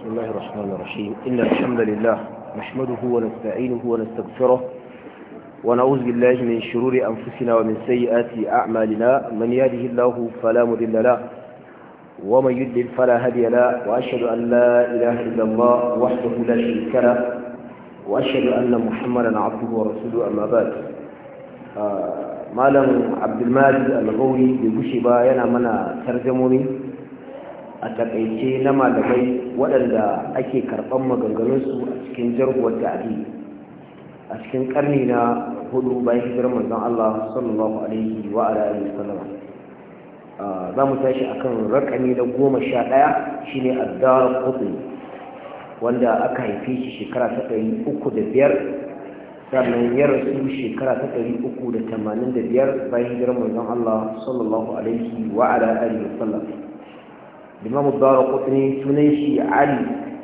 بسم الله الرحمن الرحيم إن الحمد لله نحمده ونستعينه ونستغفره ونعوذ بالله من شرور أنفسنا ومن سيئات أعمالنا من يهده الله فلا مضل له ومن يضلل فلا هادي له وأشهد أن لا إله إلا الله وحده لا شريك له وأشهد أن محمدا عبده ورسوله أما بعد آه، مالم عبد المالك الغوري بن بوشيبا ينا منا ترجموني أتقيتي لما لقيت waɗanda ake karɓan maganganunsu a cikin jarhuwar ta'adi a cikin ƙarni na hudu bayan hijirar manzon Allah sallallahu alaihi wa ala alihi sallama za mu tashi akan rakami na goma sha ɗaya shine addar qutni wanda aka haife shi shekara ta ɗari uku da biyar sannan ya rasu shekara ta ɗari uku da tamanin da biyar bayan hijirar manzon Allah sallallahu alaihi wa ala alihi sallam imam ad-darqutni sunan shi ali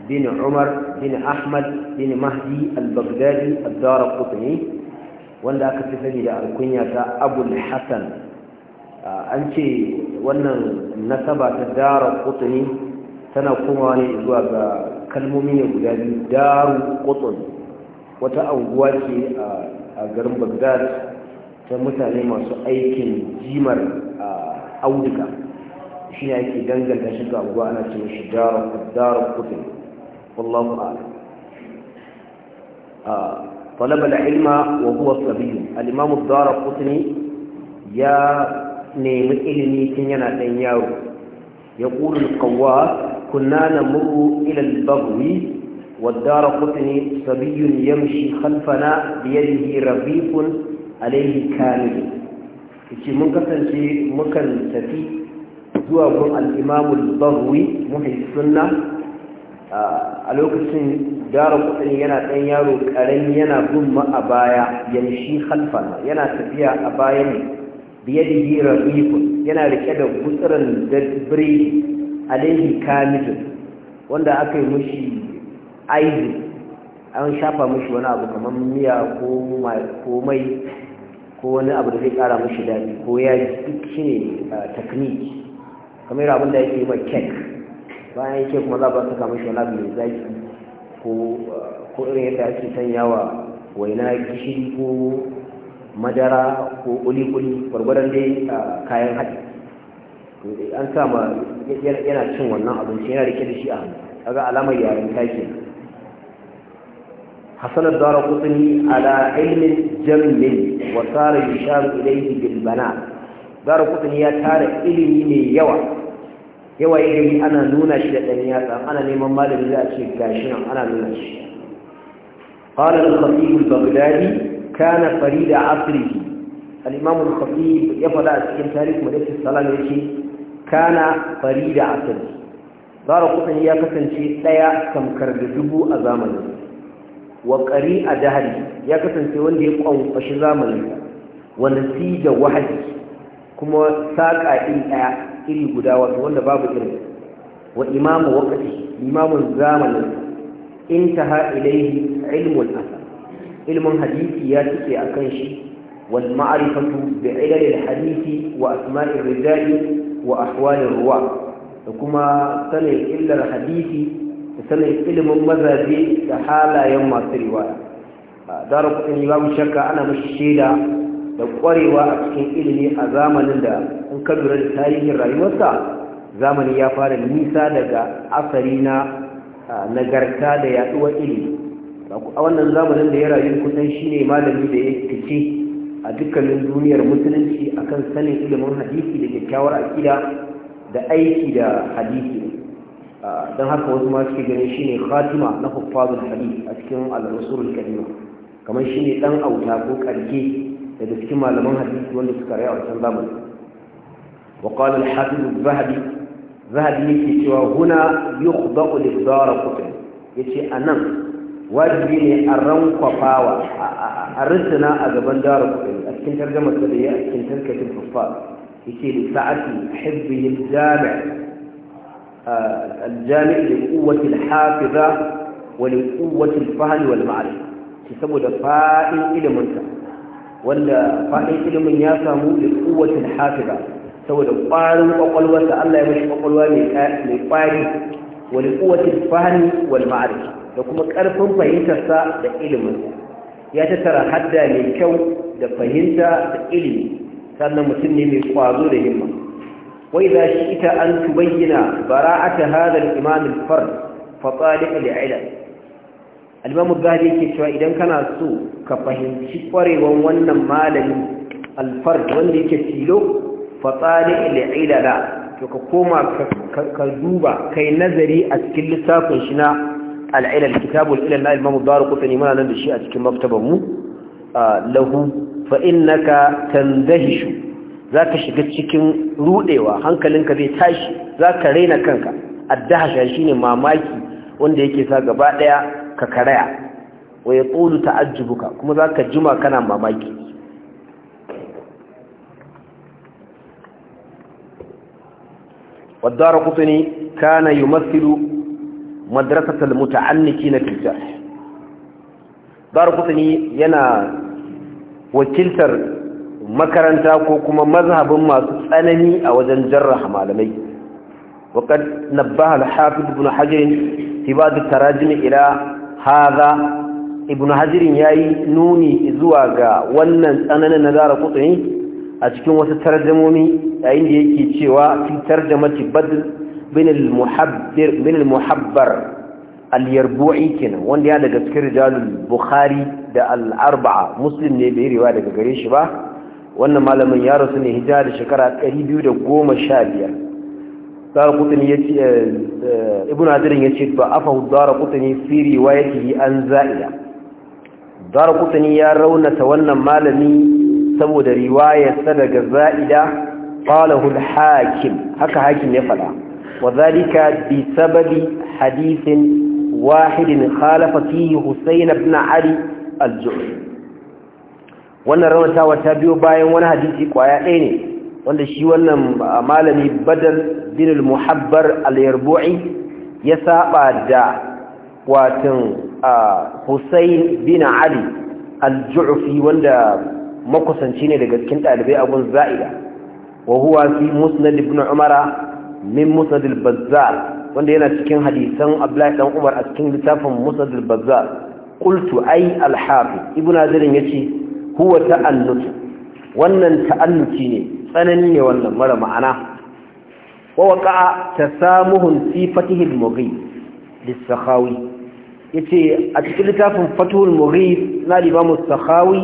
bin umar bin ahmad bin mahdi al-baghdadi ad-darqutni wanda aka fi sani da alkunya ta abul hasan an ce wannan nasaba ta dara tana kuma ne zuwa ga kalmomi ne guda biyu daru kutuni wata anguwa ce a garin bagdad ta mutane masu aikin jimar auduka. شيء ne ake danganta وانا ga abuwa ana ce shi darar darar kufin طلب العلم وهو صبي الإمام الدار القتل يا نيم إلمي تنينا تنياو يقول القواس كنا نمر إلى البغو والدار قطني صبي يمشي خلفنا بيده رغيف عليه كامل ice mun kasance مكان tafi zuwa gun al'imamu barwi muhim a lokacin gara kudin yana ɗan yaro ƙarami yana gun a baya yanshi halfana yana tafiya a baya ne da hira rikun yana rike da gutsuran a laihi kamidin wanda aka yi mushi aizu an shafa mushi wani abu kamar miya ko mai ko wani abu da zai kara mashi daɗi ko ya duk shi ne takniki kamar abin da yake yi mai kek bayan yake kuma za ba su kama shi wani mai zaki ko irin yadda ake sanya wa waina gishiri ko madara ko kuli-kuli gwargwaron dai kayan haɗi an sama yana cin wannan abinci yana rike da shi a hannu alamar yaren take حصل الدار قطني على علم جمل وصار يشار إليه bana. zara kutuni ya tara ilimi mai yawa yawa ilimi ana nuna shi da ɗan yatsa ana neman malami za a ce gashi nan ana nuna shi قال الخطيب البغدادي كان فريد عصره الإمام الخطيب يفضل أسكين تاريخ مدرسة الصلاة يقول كان فريد عصره zara kusan ya kasance ɗaya tamkar da dubu a zamanin wa ƙari a dahari ya kasance wanda ya ƙwanƙwashi zamanin wanda si da wahadi kuma saƙa iri ɗaya iri guda wato wanda babu irin wa imamu waƙafi imamun zamanin intaha ilaihi ilmul asar ilmin hadisi ya cike a kan shi wal ma'arifatu bi ilalil hadisi wa asma'ir rijali wa ahwalir ruwa da kuma sanin illar hadisi da sanin ilimin mazaje da halayen masu riwaya dara kuɗin babu shakka ana mashi shaida da ƙwarewa a cikin ilimi a zamanin da in ka lura da tarihin rayuwarsa zamani ya fara nisa daga asari na nagarta da yaduwar ilimi a wannan zamanin da ya rayu kusan shine malami da ya fice a dukkanin duniyar musulunci a kan sanin ilimin hadisi da kyakkyawar aƙida da aiki da hadisi don haka wasu ma suke ganin shine khatima na huffazul hadisi a cikin al kalima kamar shine dan auta ko karke يدكتما لمن هديث وندس كريا وسلم وقال الحافظ الذهبي ذهبي يتي وهنا يخضع لفضار قطن يتي أنم واجبيني أرم قفاوة أرسنا أغبان دار قطن أكين ترجمة سبيا أكين تنكة الحفاظ يتي لساعتي حبه الجامع الجامع لقوة الحافظة ولقوة الفهم والمعرفة تسبب فائل إلى منتهى wanda faɗin ilimin ya samu da kuwatin hafiza saboda ƙwarin ƙwaƙwalwarsa Allah ya mashi ƙwaƙwalwa mai ƙwari wani kuwatin fahimi wal da kuma ƙarfin fahimtarsa da ilimin ya tatara hadda mai kyau da fahimta da ilimi sannan mutum ne mai ƙwazo da himma wai za shi ita an tubayyana bara'ata hadal imamin fard fa tsadiq li'ilm al-imam yake cewa idan kana so ka fahimci kwarewan wannan malami alfar wanda yake tilo fa tali to ka koma ka duba kai nazari a cikin lissafin shi na al'ilal ilal kitabul ilal na al-imam ad-darqutni nan da shi a cikin maktabar mu lahu fa innaka za zaka shiga cikin rudewa hankalinka zai tashi zaka raina kanka addahasha shine mamaki wanda yake sa gaba daya ka karaya wa ya kuma za ka juma kana mamaki wadda kutuni kana yi matsilu madrasatar muta'anniki na filjar dara kutuni yana wakiltar makaranta ko kuma mazhabin masu tsanani a wajen jarraha malamai وقد نبه الحافظ بن حجر في بعض التراجم haza ibn hazirin ya yi nuni zuwa ga wannan tsananan na zara a cikin wasu tarjumomi yayin da yake cewa fi mati badr bin al-muhabbar al-yarbu'i kenan wanda ya daga cikin rijalul bukhari da al-arba'a muslim ne bai riwa daga gare shi ba wannan malamin ya rasu ne hijira da shekara 215 dara kutani ya ce ibn adirin ya ce ba afahu dara kutani fi riwayatihi an za'ida dara kutani ya raunata wannan malami saboda ta daga za'ida qalahu al-hakim haka hakim ya fada wa zalika bi sababi hadithin wahidin khalafa fihi husayn ibn ali al-ju'fi wannan raunatawa ta biyo bayan wani hadisi kwaya ɗaya ne wanda shi wannan malami badal bin al-muhabbar al-yarbu'i ya saba da watan Hussein bin Ali al-Ju'fi wanda makusanci ne daga cikin dalibai abun Za'ida wa huwa fi Musnad ibn Umar min Musnad al-Bazzar wanda yana cikin hadisan Abdullahi dan Umar a cikin littafin Musnad al-Bazzar qultu ai al-Hafiz ibn Hajar yace huwa ta'annut wannan ta'annuci ne tsanani ne wannan mara ma'ana wa ta sa fi fatihil mughib lis-sakhawi yace a cikin littafin fatihul mughib na limamu sakawi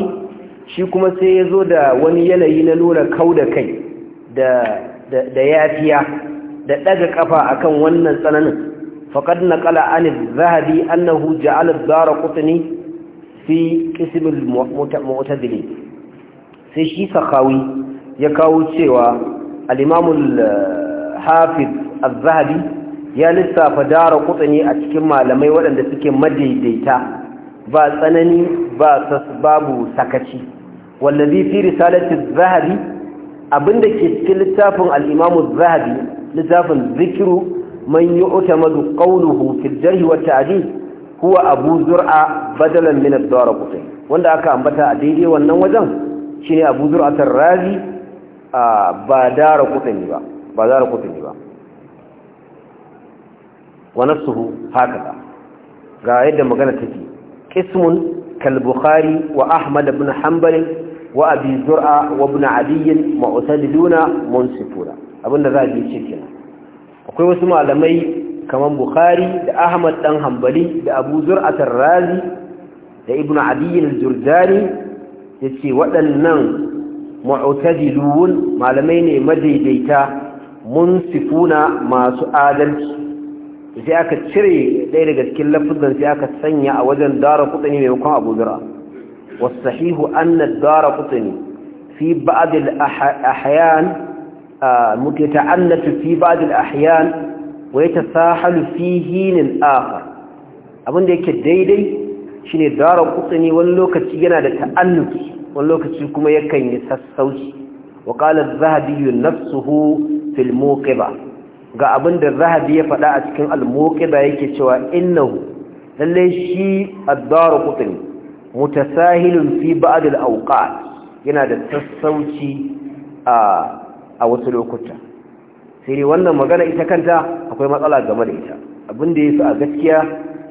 shi kuma sai yazo da wani yanayi na nuna kauda kai da yafiya da ɗaga kafa akan wannan tsananin faqad na ƙala az-zahabi annahu ja'alar zara darqutni fi qism mota mutazili sai shi sakhawi ya kawo cewa al eh, hafiz az-zahabi ya lissafa dara kutsani a cikin malamai waɗanda suke madaidaita ba tsanani ba babu sakaci wallazi fi risalati az-zahabi abinda ke cikin littafin al-imam az-zahabi littafin zikru man yu'tamadu qawluhu fil jarh wa huwa abu zur'a badalan min ad-dara wanda aka ambata a daidai wannan wajen shine abu zur'a ar-razi ba kutani ba ba dara kutani ba wa nafsuhu hakaza ga yadda magana take qismun kal bukhari wa ahmad ibn hanbal wa abi zur'a wa ibn adiy mu'tadiluna munsifuna abinda za a ji ce akwai wasu malamai kaman bukhari da ahmad dan hanbali da abu zur'a razi da ibn adiy al-jurjani yace waɗannan mu'tadilun malamai ne madaidaita munsifuna masu adalci sai aka cire ɗaya daga cikin lafazan sai aka sanya a wajen dara kutani maimakon abu zura wasahihu anna dara kutani fi ba'd al-ahyan mutata'annatu fi ba'adil ahyan wa yatasahalu fi hinin akhar abinda yake daidai shine dara kutani wani lokaci yana da ta'annuki wani lokaci kuma yakan yi sassauci wa qala zahabi nafsuhu fil muqiba ga abinda zahabi ya faɗa a cikin al-muqiba yake cewa innahu lallai shi ad-daru qutni mutasahilun fi ba'd al yana da sassauci a wasu lokuta sai dai wannan magana ita kanta akwai matsala game da ita abinda fi a gaskiya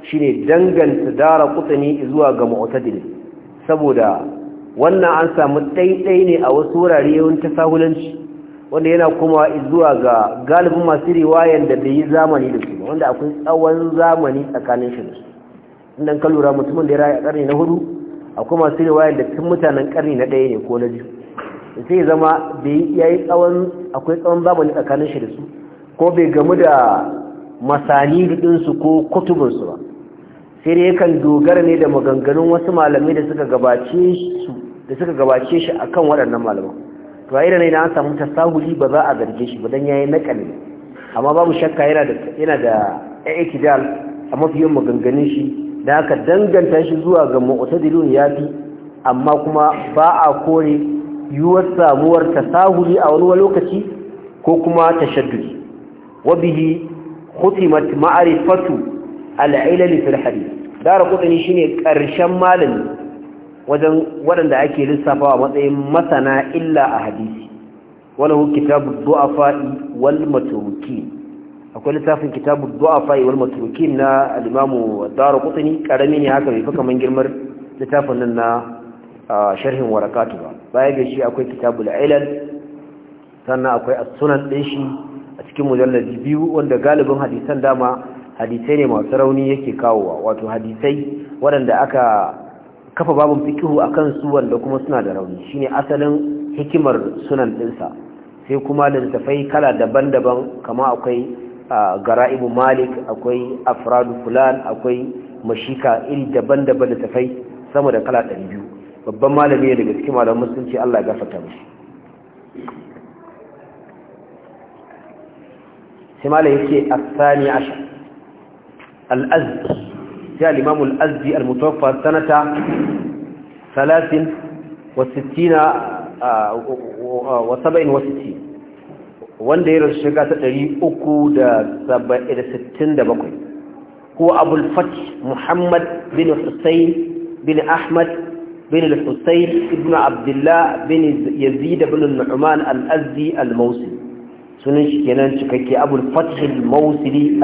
shine danganta dara kutsini zuwa ga mu'tadili saboda wannan an samu ɗaiɗai ne a wasu wurare ta sahulanci, wanda yana kuma zuwa ga galibin masu riwayan da bai yi zamani da su wanda akwai tsawon zamani tsakanin shi da su inda ka lura mutumin da ya raya ƙarni na hudu akwai masu riwayan da tun mutanen ƙarni na ɗaya ne ko na biyu sai zama bai ya yi tsawon akwai tsawon zamani tsakanin shi da su ko bai gamu da masani ɗinsu ko kutubinsu ba sai dai yakan dogara ne da maganganun wasu malamai da suka gabace su da suka gabace shi akan waɗannan malaman to a irin an samu tasahuli ba za a zarge shi ba dan yayi nakali amma babu shakka yana da yana da i'tidal a mafiyin maganganun shi da aka danganta shi zuwa ga mu'tadilun yafi amma kuma ba a kore yuwar samuwar tasahuli a wani lokaci ko kuma tashaddudi wabihi khutimat ma'rifatu al'ilali fil hadith dara kudani shine ƙarshen malami wajen waɗanda ake lissafawa matsayin masana illa a hadisi kitabu du'afa'i wal matruki akwai littafin kitabu du'afa'i wal matruki na alimamu dara kudani karami ne haka bai fi kaman girmar littafin nan na sharhin warakatu ba baya ga shi akwai kitabu ilal sannan akwai asunan sunan din shi a cikin mujalladi biyu wanda galibin hadisan dama hadisai ne masu rauni yake kawowa wato hadisai waɗanda aka kafa babin fikihu a kan su wanda kuma suna da rauni shine asalin hikimar sunan ɗinsa sai kuma tafai kala daban-daban kama akwai gara'ibu malik akwai afradu fulan akwai mashika iri daban-daban tafai sama da kala ɗari biyu babban malami ne daga cikin malamin musulunci allah ya gafarta mishi sai malam yake asani ashar al-azdi sai al al-azdi al-mutawaffa sanata 63 wa 60 wa 67 wanda ya rasu shiga ta 367 ko abul fath muhammad bin husayn bin ahmad بن الحسين ابن عبد الله بن يزيد بن النعمان الأزدي الموصلي سننش كنان أبو الفتح الأزدي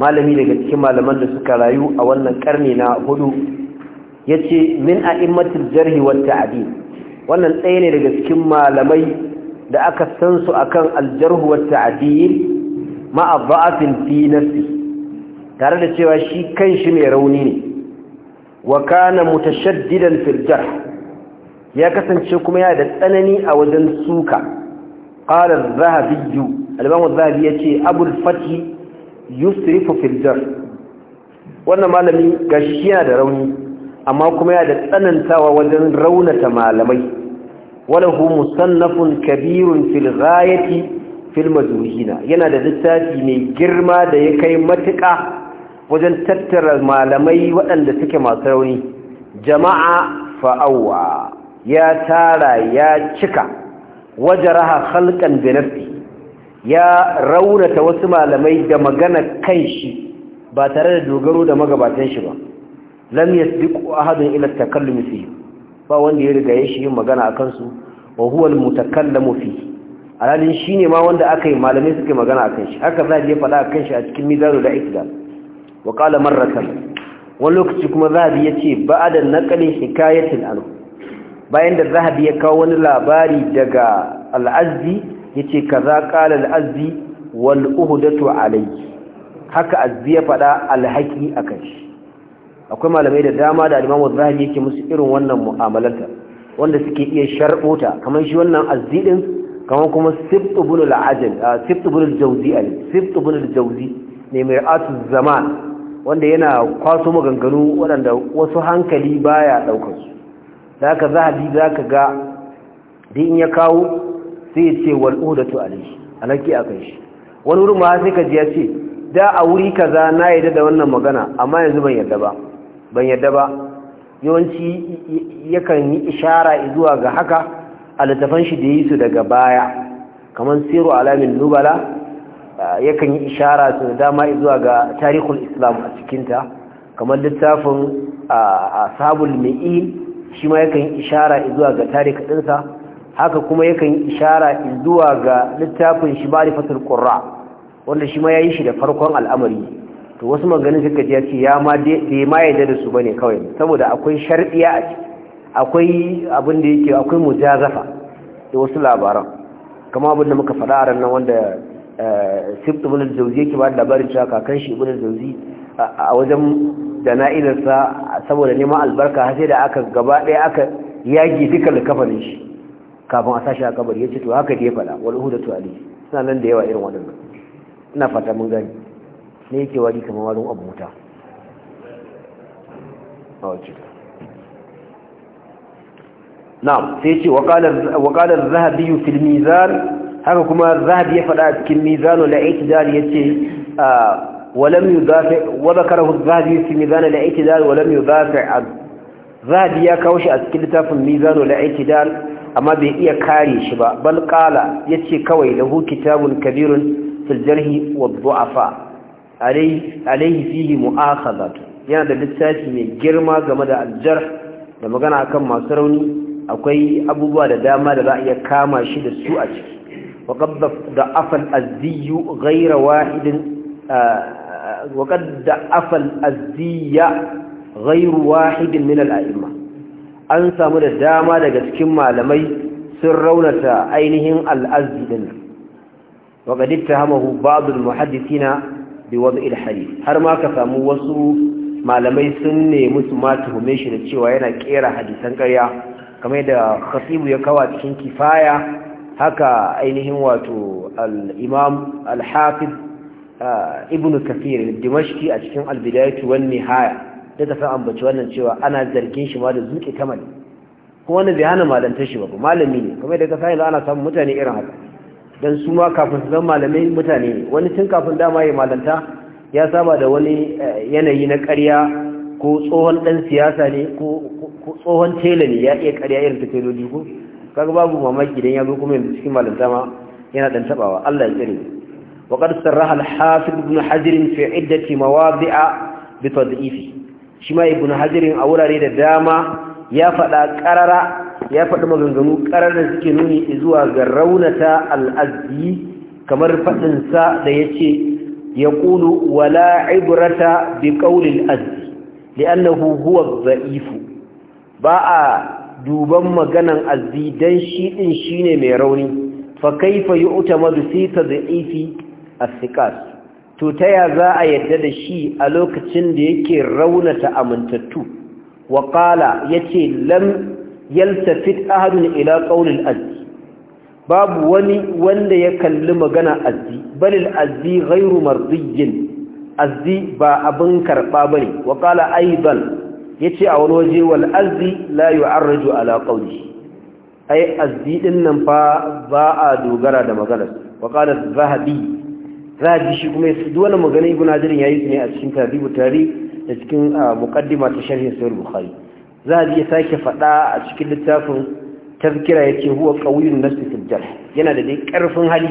malami daga cikin malaman da suka rayu a wannan karni na hudu yace min a'immatul jarhi wata ta'dil wannan tsaye ne daga cikin malamai da aka san su akan kan jarh wat ta'dil ma'a dha'fin tare da cewa shi kanshi mai rauni ne wa kana mutashaddidan fil ya kasance kuma yana da tsanani a wajen suka qala az-zahabi al-imam zahabi yace abul fathi yusrifu fil wannan malami gashi yana da rauni amma kuma yana da tsanantawa wajen raunata malamai walahu musannafun kabirun fil ghayati fil mazruhina yana da littafi mai girma da ya kai matuƙa wajen tattara malamai waɗanda suke masu rauni jama'a fa'awa ya tara ya cika wajaraha halkan bi ya raunata wasu malamai da magana kan shi ba tare da dogaro da magabatan shi ba lam yasbiqu ahadun ila takallum fi ba wanda ya riga ya shi yin magana akan su wa huwa almutakallamu fi alalin shine ma wanda akai yi malamai suke magana akan shi haka za ya faɗa akan shi a cikin mizanu da ikdal wa qala marratan wani lokaci kuma zahabi ya ce ba a da nakalin hikayatin bayan da zahabi ya kawo wani labari daga al'azzi yace kaza qala al-azzi wal uhdatu alayhi haka azzi ya fada al akan shi akwai malamai da dama da al-imamu zahabi yake musu irin wannan mu'amalata wanda suke iya sharbota kamar shi wannan azzi din kamar kuma sibt ibn al ajl ah, sibt ibn al-jawzi sibt ibn al-jawzi ne mai atu zaman wanda yana kwaso maganganu waɗanda wasu hankali baya daukar su da haka zahabi zaka ga din ya kawo sai ce wal udatu alayhi alaki akan shi wani wurin ma sai ka ji ya ce da a wuri kaza na yadda da wannan magana amma yanzu ban yadda ba ban yarda ba yawanci yakan yi ishara zuwa ga haka a littafan shi da yi su daga baya kamar siru alamin nubala yakan yi ishara su da dama zuwa ga tarihul islam a cikinta kamar littafin sabul mai'i shi ma yakan yi ishara zuwa ga tarih ɗinsa haka kuma yakan ishara zuwa ga littafin shi marifatul qurra wanda shi ma yayi shi da farkon al'amari to wasu maganin suka ji ya ya ma da ma yadda da su bane kawai saboda akwai shar'iya a ciki akwai abin da yake akwai mujazafa da wasu labaran kama abin da muka faɗa a nan wanda eh, sibtu ibn al-jawzi yake ba da labarin cewa kakan shi ibn al-jawzi a wajen jana'ilarsa saboda neman albarka har sai da aka gaba ɗaya aka yagi duka likafanin shi kafin a sashi a kabari ya ce to haka da ya fada wani wal to ali suna nan da yawa irin waɗannan ina fata mun gani ne yake wari kamar warin abu wuta a wacce na'am sai ce wa zahabi az-zahabi fil mizan haka kuma zahabi ya fada cikin mizanu al-i'tidal yace ولم يدافع وذكره الذهبي في ميزان الاعتدال ولم يدافع عنه ذهبي يا كوشي أسكلتا في الميزان والاعتدال amma bai iya kare shi ba bal qala yace kawai lahu kitabun kabirun fil jarhi wad du'afa alayhi fihi mu'akhadhat yana da littafi mai girma game da aljarh da magana akan masu rauni akwai abubuwa da dama da za a iya kama shi da su a ciki وقد da afal غير واحد وقد ضعف الأزي غير an samu da dama daga cikin malamai sun raunata ainihin al'azzi din wa hamahu ittahamahu ba'd al bi har ma ka samu wasu malamai sun nemi su ma tuhume shi da cewa yana kera hadisan karya kamar da khasibu ya kawa cikin kifaya haka ainihin wato al-imam al-hafiz ah, ibn kathir al a cikin al-bidayah wan nihaya sai tafi ambaci wannan cewa ana zargin shi ma da zuƙi kamar kuma wani bai hana malantar shi ba ba malami ne kuma da kasa yanzu ana samun mutane irin haka don su ma kafin su malamai mutane ne wani tun kafin dama ya malanta ya saba da wani eh, yanayi na ƙarya ko tsohon ɗan siyasa ne ko tsohon tela ne ya iya ƙarya irin ta teloli ko kaga babu mamaki idan ya zo kuma yanzu cikin malanta ma yana ɗan taɓawa Allah ya tsare وقد صرح الحافظ ابن حجر في عدة مواضع بتضعيفه shi ma ibn a wurare da dama ya faɗa ƙarara ya faɗi maganganu ƙarar da suke nuni zuwa ga raunata al'azzi kamar faɗinsa da ya ce ya ƙulu wala ibrata bi ƙaunin azzi li'annahu huwa za'ifu ba a duban maganan azzi don shi ɗin shi ne mai rauni fa kaifa yi uta madu sai ta za'ifi a sikas to ta ya za a yadda da shi a lokacin da yake raunata amintattu wa ya yace lam yaltafit ahadun ila ƙaunin azzi babu wani wanda ya kalli magana azzi balil azzi ghairu mardiyyin azzi ba abin karba bane wa qala Ya yace a wani waje wal azzi la yu'arraju ala qawli ai azzi din nan fa ba a dogara da magana wa qala zahabi za a ji shi kuma ya duk wani magana ibn hajar ya yi su ne a cikin tarihi tari da cikin ah, muqaddima ta sharhin sahih bukhari za a iya ya sake faɗa a cikin littafin tazkira yace huwa qawiyyun nafs fil jarh yana da dai karfin hali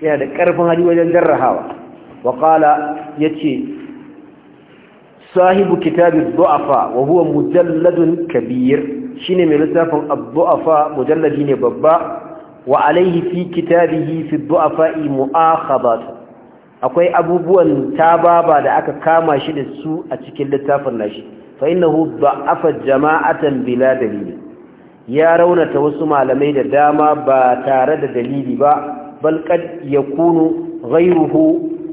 yana da karfin hali wajen jarrahawa wa qala yace sahibu kitabi du'afa wa huwa mujalladun kabir shine mai littafin ad-du'afa mujalladi ne babba wa alaihi fi kitabihi fi du'afa mu'akhabat akwai abubuwan tababa da aka kama shi da su a cikin littafin nashi fa innahu da'afa jama'atan bila dalili ya raunata wasu malamai da dama ba tare da dalili ba bal kad yakunu ghayruhu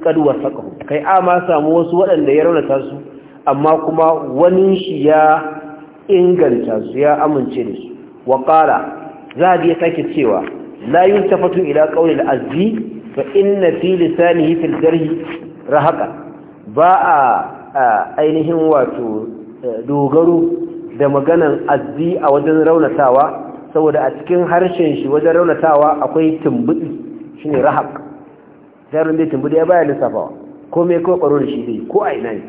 kad wasaqahu kai ama samu wasu waɗanda ya raunata su amma kuma wani shi ya inganta su ya amince da su wa qala zabi yake sake cewa la yuntafatu ila qawli al-azzi fa inna fi lisanihi fil jarhi rahaqa ba a ainihin wato e, dogaro da maganan azzi a wajen raunatawa saboda a cikin harshen shi wajen raunatawa akwai tumbudi shine rahaq jarin da tumbudi ya baya lissafawa ko me ko shi dai ko a ina ne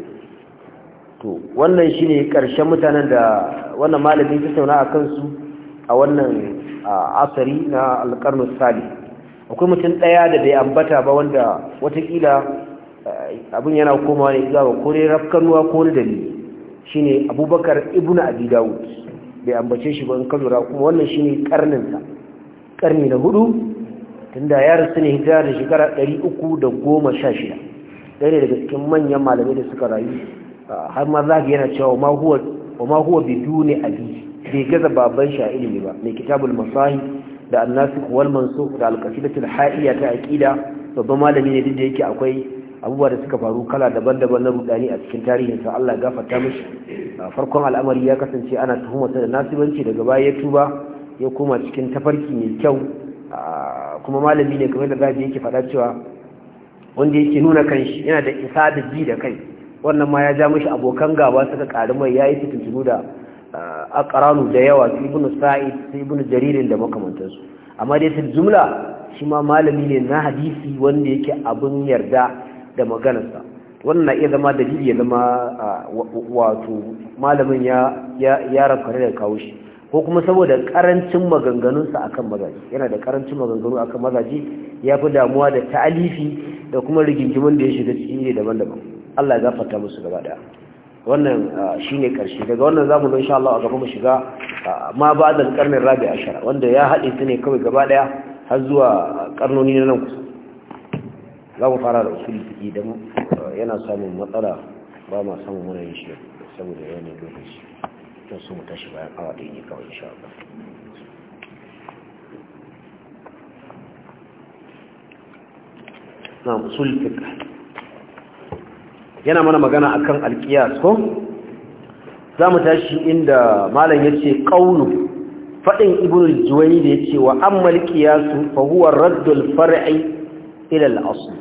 to wannan shine ƙarshen mutanen da wannan malamin ya tattauna akan su a wannan asari na alƙarnus salih akwai mutum ɗaya da bai ambata ba wanda watakila eh, abin yana komawa ne zuwa ko ne rafkanuwa ko ne dalili shine abubakar ibnu abi dawud bai ambace shi ba in ka lura kuma wannan shine karnin sa karni na hudu tunda ya rasu ne hijira da shekara 316 ɗaya daga cikin manyan malamai da suka rayu eh, har ma zaka yana cewa ma huwa bidu ma huwa abi bai gaza baban shi a ilimi ba mai kitabul masahi. da annasikh wal mansukh da alqasidatul ta aqida babban malami ne duk da yake akwai abubuwa da suka faru kala daban-daban na rudani a cikin tarihin sa Allah ya gafarta mishi farkon al'amari ya kasance ana tuhumarta da nasibanci daga baya ya tuba ya koma cikin tafarki mai kyau kuma malami ne kamar da zabi yake faɗa cewa wanda yake nuna kanshi yana da isa da ji da kai wannan ma ya ja mishi abokan gaba suka ƙari mai ya yi da aqranu da yawa su ibn sa'id su ibn jarir da su amma dai su jumla shi ma malami ne na hadisi wanda yake abun yarda da maganarsa wannan na iya zama dalili ya zama wato malamin ya ya da kawo shi ko kuma saboda karancin maganganunsa akan mazaji yana da karancin maganganu akan mazaji ya fi damuwa da ta'alifi da kuma rigingimin da ya shiga ciki ne daban-daban Allah ya gafarta musu gaba daya wannan ne karshe daga wannan zamu zo insha Allah a gaba mu shiga ma ba da qarni rabi ashara wanda ya haɗe su ne kawai gaba daya har zuwa karnoni na nan kusa za mu fara da usuli fiki da yana samun matsala ba ma samun muna yin shi saboda yana lokaci don su mu tashi bayan awa ɗaya ne kawai insha Allah na usul fiqh yana mana magana akan alkiyas ko za mu tashi inda malam ya ce ƙaunu faɗin ibnul juwani da ya ce wa ammal qiyasu fa huwa raddul far'i ila al-asl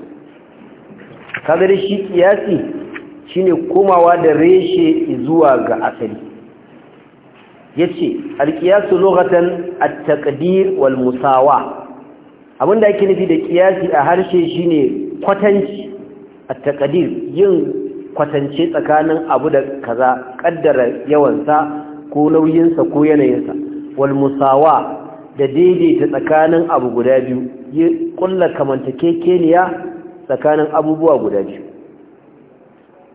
kaga da shi qiyasi shine komawa da reshe zuwa ga asali yace al-qiyasu lughatan at-taqdir wal musawa abinda ake nufi da ƙiyasi a harshe shine kwatanci A takadir yin kwatance tsakanin abu da kaza ƙaddara yawansa ko nauyinsa ko yanayinsa walmusawa da daidaita tsakanin abu guda biyu yi kulla kamantakekeniya tsakanin abubuwa guda biyu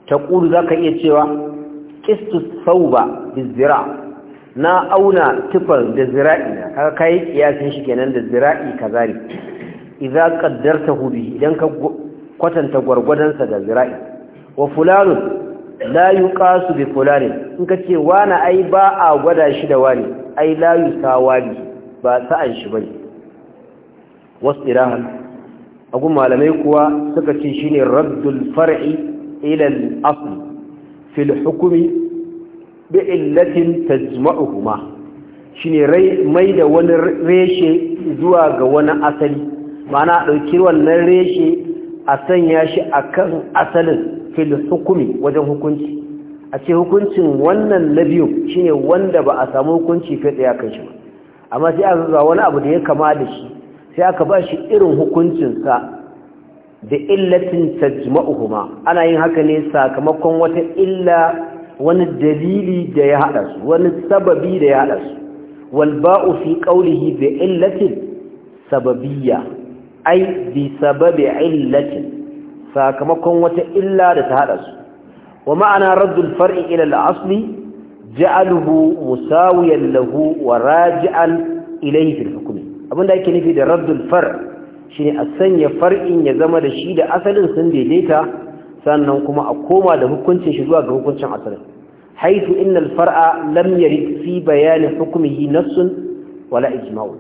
ta ƙuru za ka iya cewa ƙistu sauba ba zira na auna tufar da zira'i na kaga kayi kiyasin shi kenan da zira'i ka zari idan idan ka kwatanta gwargwadonsa da zira'i wa fulanun la yuqasu bi fulanin in kace wani ai ba a gwada shi da wani ai la wani, ba sa'an shi bane wasirahan agun malamai kuwa suka ce shine raddul far'i ila al-asl fi al bi illatin tajma'uhuma shine mai da wani reshe zuwa ga wani asali ma'ana ɗauki wannan reshe a sanya shi a kan asalin fil hukumi wajen hukunci a ce hukuncin wannan na biyu shine wanda ba a samu hukunci kai tsaye kan shi ba amma sai a ga wani abu da ya kama da shi sai aka ba shi irin hukuncinsa da illatin tajma'uhuma ana yin haka ne sakamakon wata illa wani dalili da ya hada su wani sababi da ya hada su wal ba'u fi qawlihi bi illatin sababiyya ai bi sababi illatin sakamakon wata illa da ta hada su wa ma'ana raddul far'i ila al-asli ja'aluhu musawiyan lahu wa raji'an ilayhi fil hukm abinda yake nufi da raddul far' shine a sanya far'in ya zama da shi da asalin sun daidaita sannan kuma a koma da hukuncin shi zuwa ga hukuncin asalin haitu innal far'a lam yarid fi bayani hukmihi nassun wala ijma'u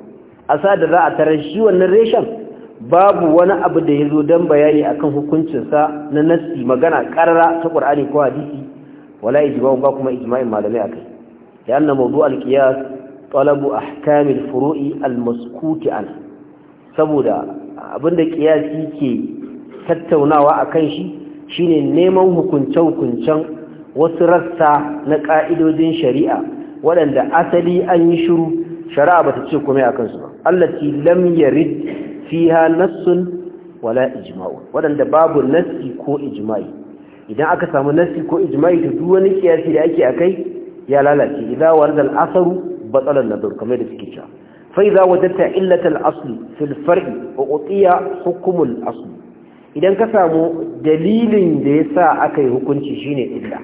asa da za a tarar shi wannan reshen babu wani abu da ya zo don bayani akan hukuncinsa na nasi magana ƙarara, ta qur'ani ko hadisi wala ijma'u ba kuma ijma'in malamai akai ya anna mawdu' al-qiyas talabu ahkam al-furu'i al-maskuti an saboda abinda ƙiyasi ke tattaunawa akan shi shine neman hukunce hukuncen wasu rassa na ka'idojin shari'a waɗanda asali an yi shiru shari'a bata ce komai akan su ba allati lam yarid fiha nassun wala ijma'u wadanda babu nassi ko ijma'i idan aka samu nassi ko ijma'i to duk wani kiyasi da ake akai ya lalace idza warada al-asaru batala an-nadr kamar da suke cewa fa idza wajadta illat al-asl fi fari wa utiya hukm al idan ka samu dalilin da yasa akai hukunci shine illa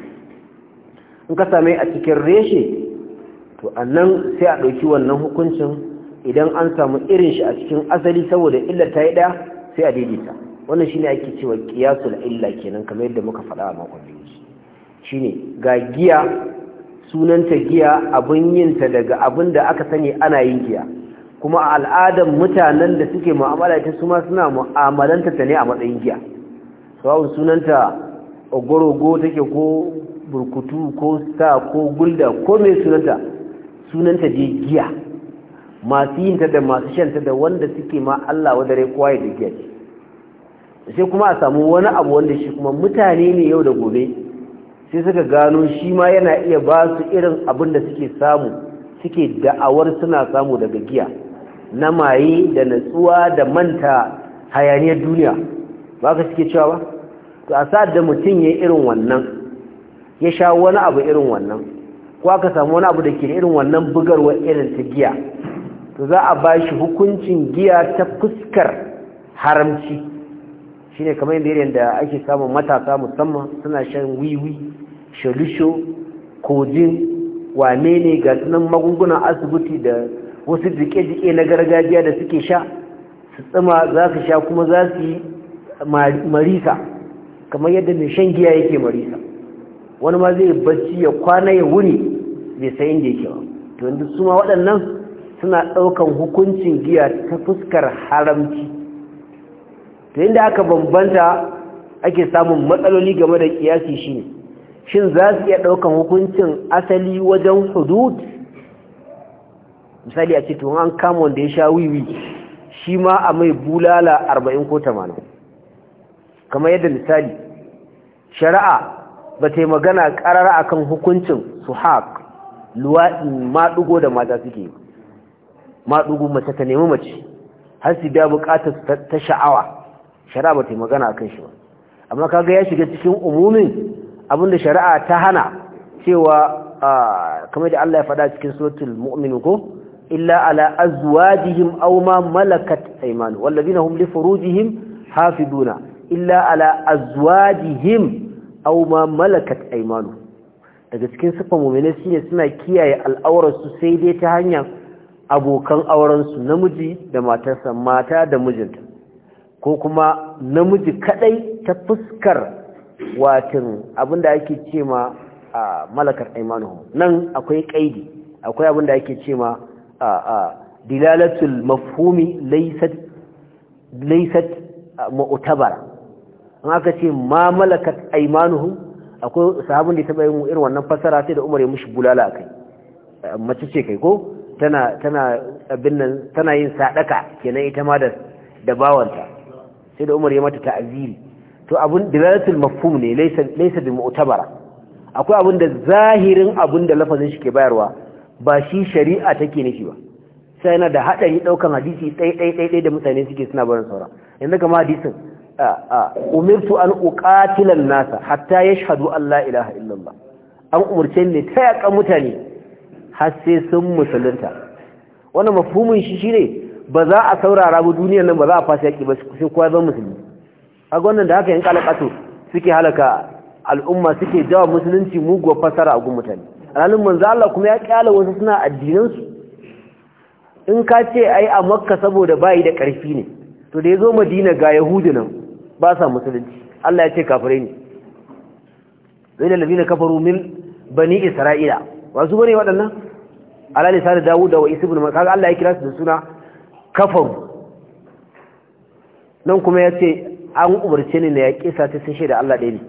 in ka same a cikin reshe to annan sai a dauki wannan hukuncin idan an samu irin shi a cikin asali saboda illar ta yi ɗaya sai a daidaita wannan shi ne ake cewa kiyasul illa kenan kamar yadda muka faɗa a makon da yake ne, ga giya sunanta giya abin yinta daga abin da aka sani ana yin giya kuma a al'adar mutanen da suke mu'amala ta su ma suna mu'amalanta ta ne a matsayin giya sawun sunanta ogorogo take ko burkutu ko sa ko gulda ko mai sunanta sunanta dai giya masu yin ta da masu shanta da wanda suke ma Allah dare kowa ya dukiya ce sai kuma a samu wani abu wanda shi kuma mutane ne yau da gobe sai suka gano shi ma yana iya ba su irin abin da suke samu suke da'awar suna samu daga giya na maye da natsuwa da manta hayaniyar duniya ba ka suke cewa ba to a sa da mutum ya irin wannan ya sha wani abu irin wannan ko aka samu wani abu da ke irin wannan bugarwa irin ta giya to za a ba shi hukuncin giya ta fuskar haramci shine kamar yadda yadda ake samun matasa musamman suna shan wiwi shalisho kojin wane ne ga sunan magungunan asibiti da wasu jike-jike na gargajiya da suke sha su tsima za su sha kuma za su yi marisa kamar yadda mai shan giya yake marisa wani ma zai bacci ya kwana ya wuri bai sayin da yake ba to yanzu su ma waɗannan suna ɗaukan hukuncin giya ta fuskar haramci ta inda aka bambanta ake samun matsaloli game da kiyasi shine shin za su iya ɗaukan hukuncin asali wajen hudud misali a ce to an kama wanda ya sha wiwi shi ma a mai bulala arba'in ko tamanin kamar yadda misali shari'a ba ta yi magana ƙarara akan hukuncin su haƙ luwaɗi maɗugo da mata suke yi ma mace ta nemi mace har su biya bukatar ta sha'awa shari'a ba ta yi magana kan shi ba amma kaga ya shiga cikin umumin abinda shari'a ta hana cewa kamar da Allah ya faɗa cikin suratul mu'min ko illa ala azwajihim aw ma malakat aymanu wallazina hum li furujihim hafiduna illa ala azwajihim aw ma malakat aymanu daga cikin sifan muminai shine suna kiyaye al'aurar sai dai ta hanyar abokan aurensu namiji da matarsa mata da mijinta ko kuma namiji kadai ta fuskar watin abinda ake ce ma malakar aimanuhu nan akwai kaidi akwai abinda ake ce ma dilalatul mafhumi laysat laysat mu'tabara an aka ce ma malakat aimanuhu akwai sahabin da ya taba yin irin wannan fasara sai da Umar ya mushi bulala kai mace ce kai ko tana yin sadaka kenan ita ma da da bawanta sai da Umar ya mata ta'ziri to abun dilalatul mafhum ne laysa laysa bi mu'tabara akwai abin da zahirin abun da lafazin shi ke bayarwa ba shi shari'a take nufi ba sai yana da hadari daukan hadisi dai dai dai dai da mutane suke suna barin saura yanzu kamar hadisin umirtu an uqatila an-nasa hatta yashhadu an la ilaha illallah an umurce ni ta yakan mutane har sai sun musulunta wannan mafhumin shi shine ba za a saurara ba duniyar nan ba za a fasa yaki ba sai kowa zama musulmi a wannan da haka yan kalakato suke halaka al'umma suke jawa musulunci muguwar fasara a gun mutane manzo Allah kuma ya kyala wasu suna addinan su in ka ce ai a makka saboda bayi da karfi ne to da yazo madina ga yahudu nan ba sa musulunci Allah ya ce kafirai ne zai da labina kafaru min bani isra'ila wasu bane waɗannan ala lisan Dawud da Isa ibn Makkah Allah ya kira su da suna kafaru nan kuma ce an umarce ni na yaƙi ta sashe da Allah ɗaya ne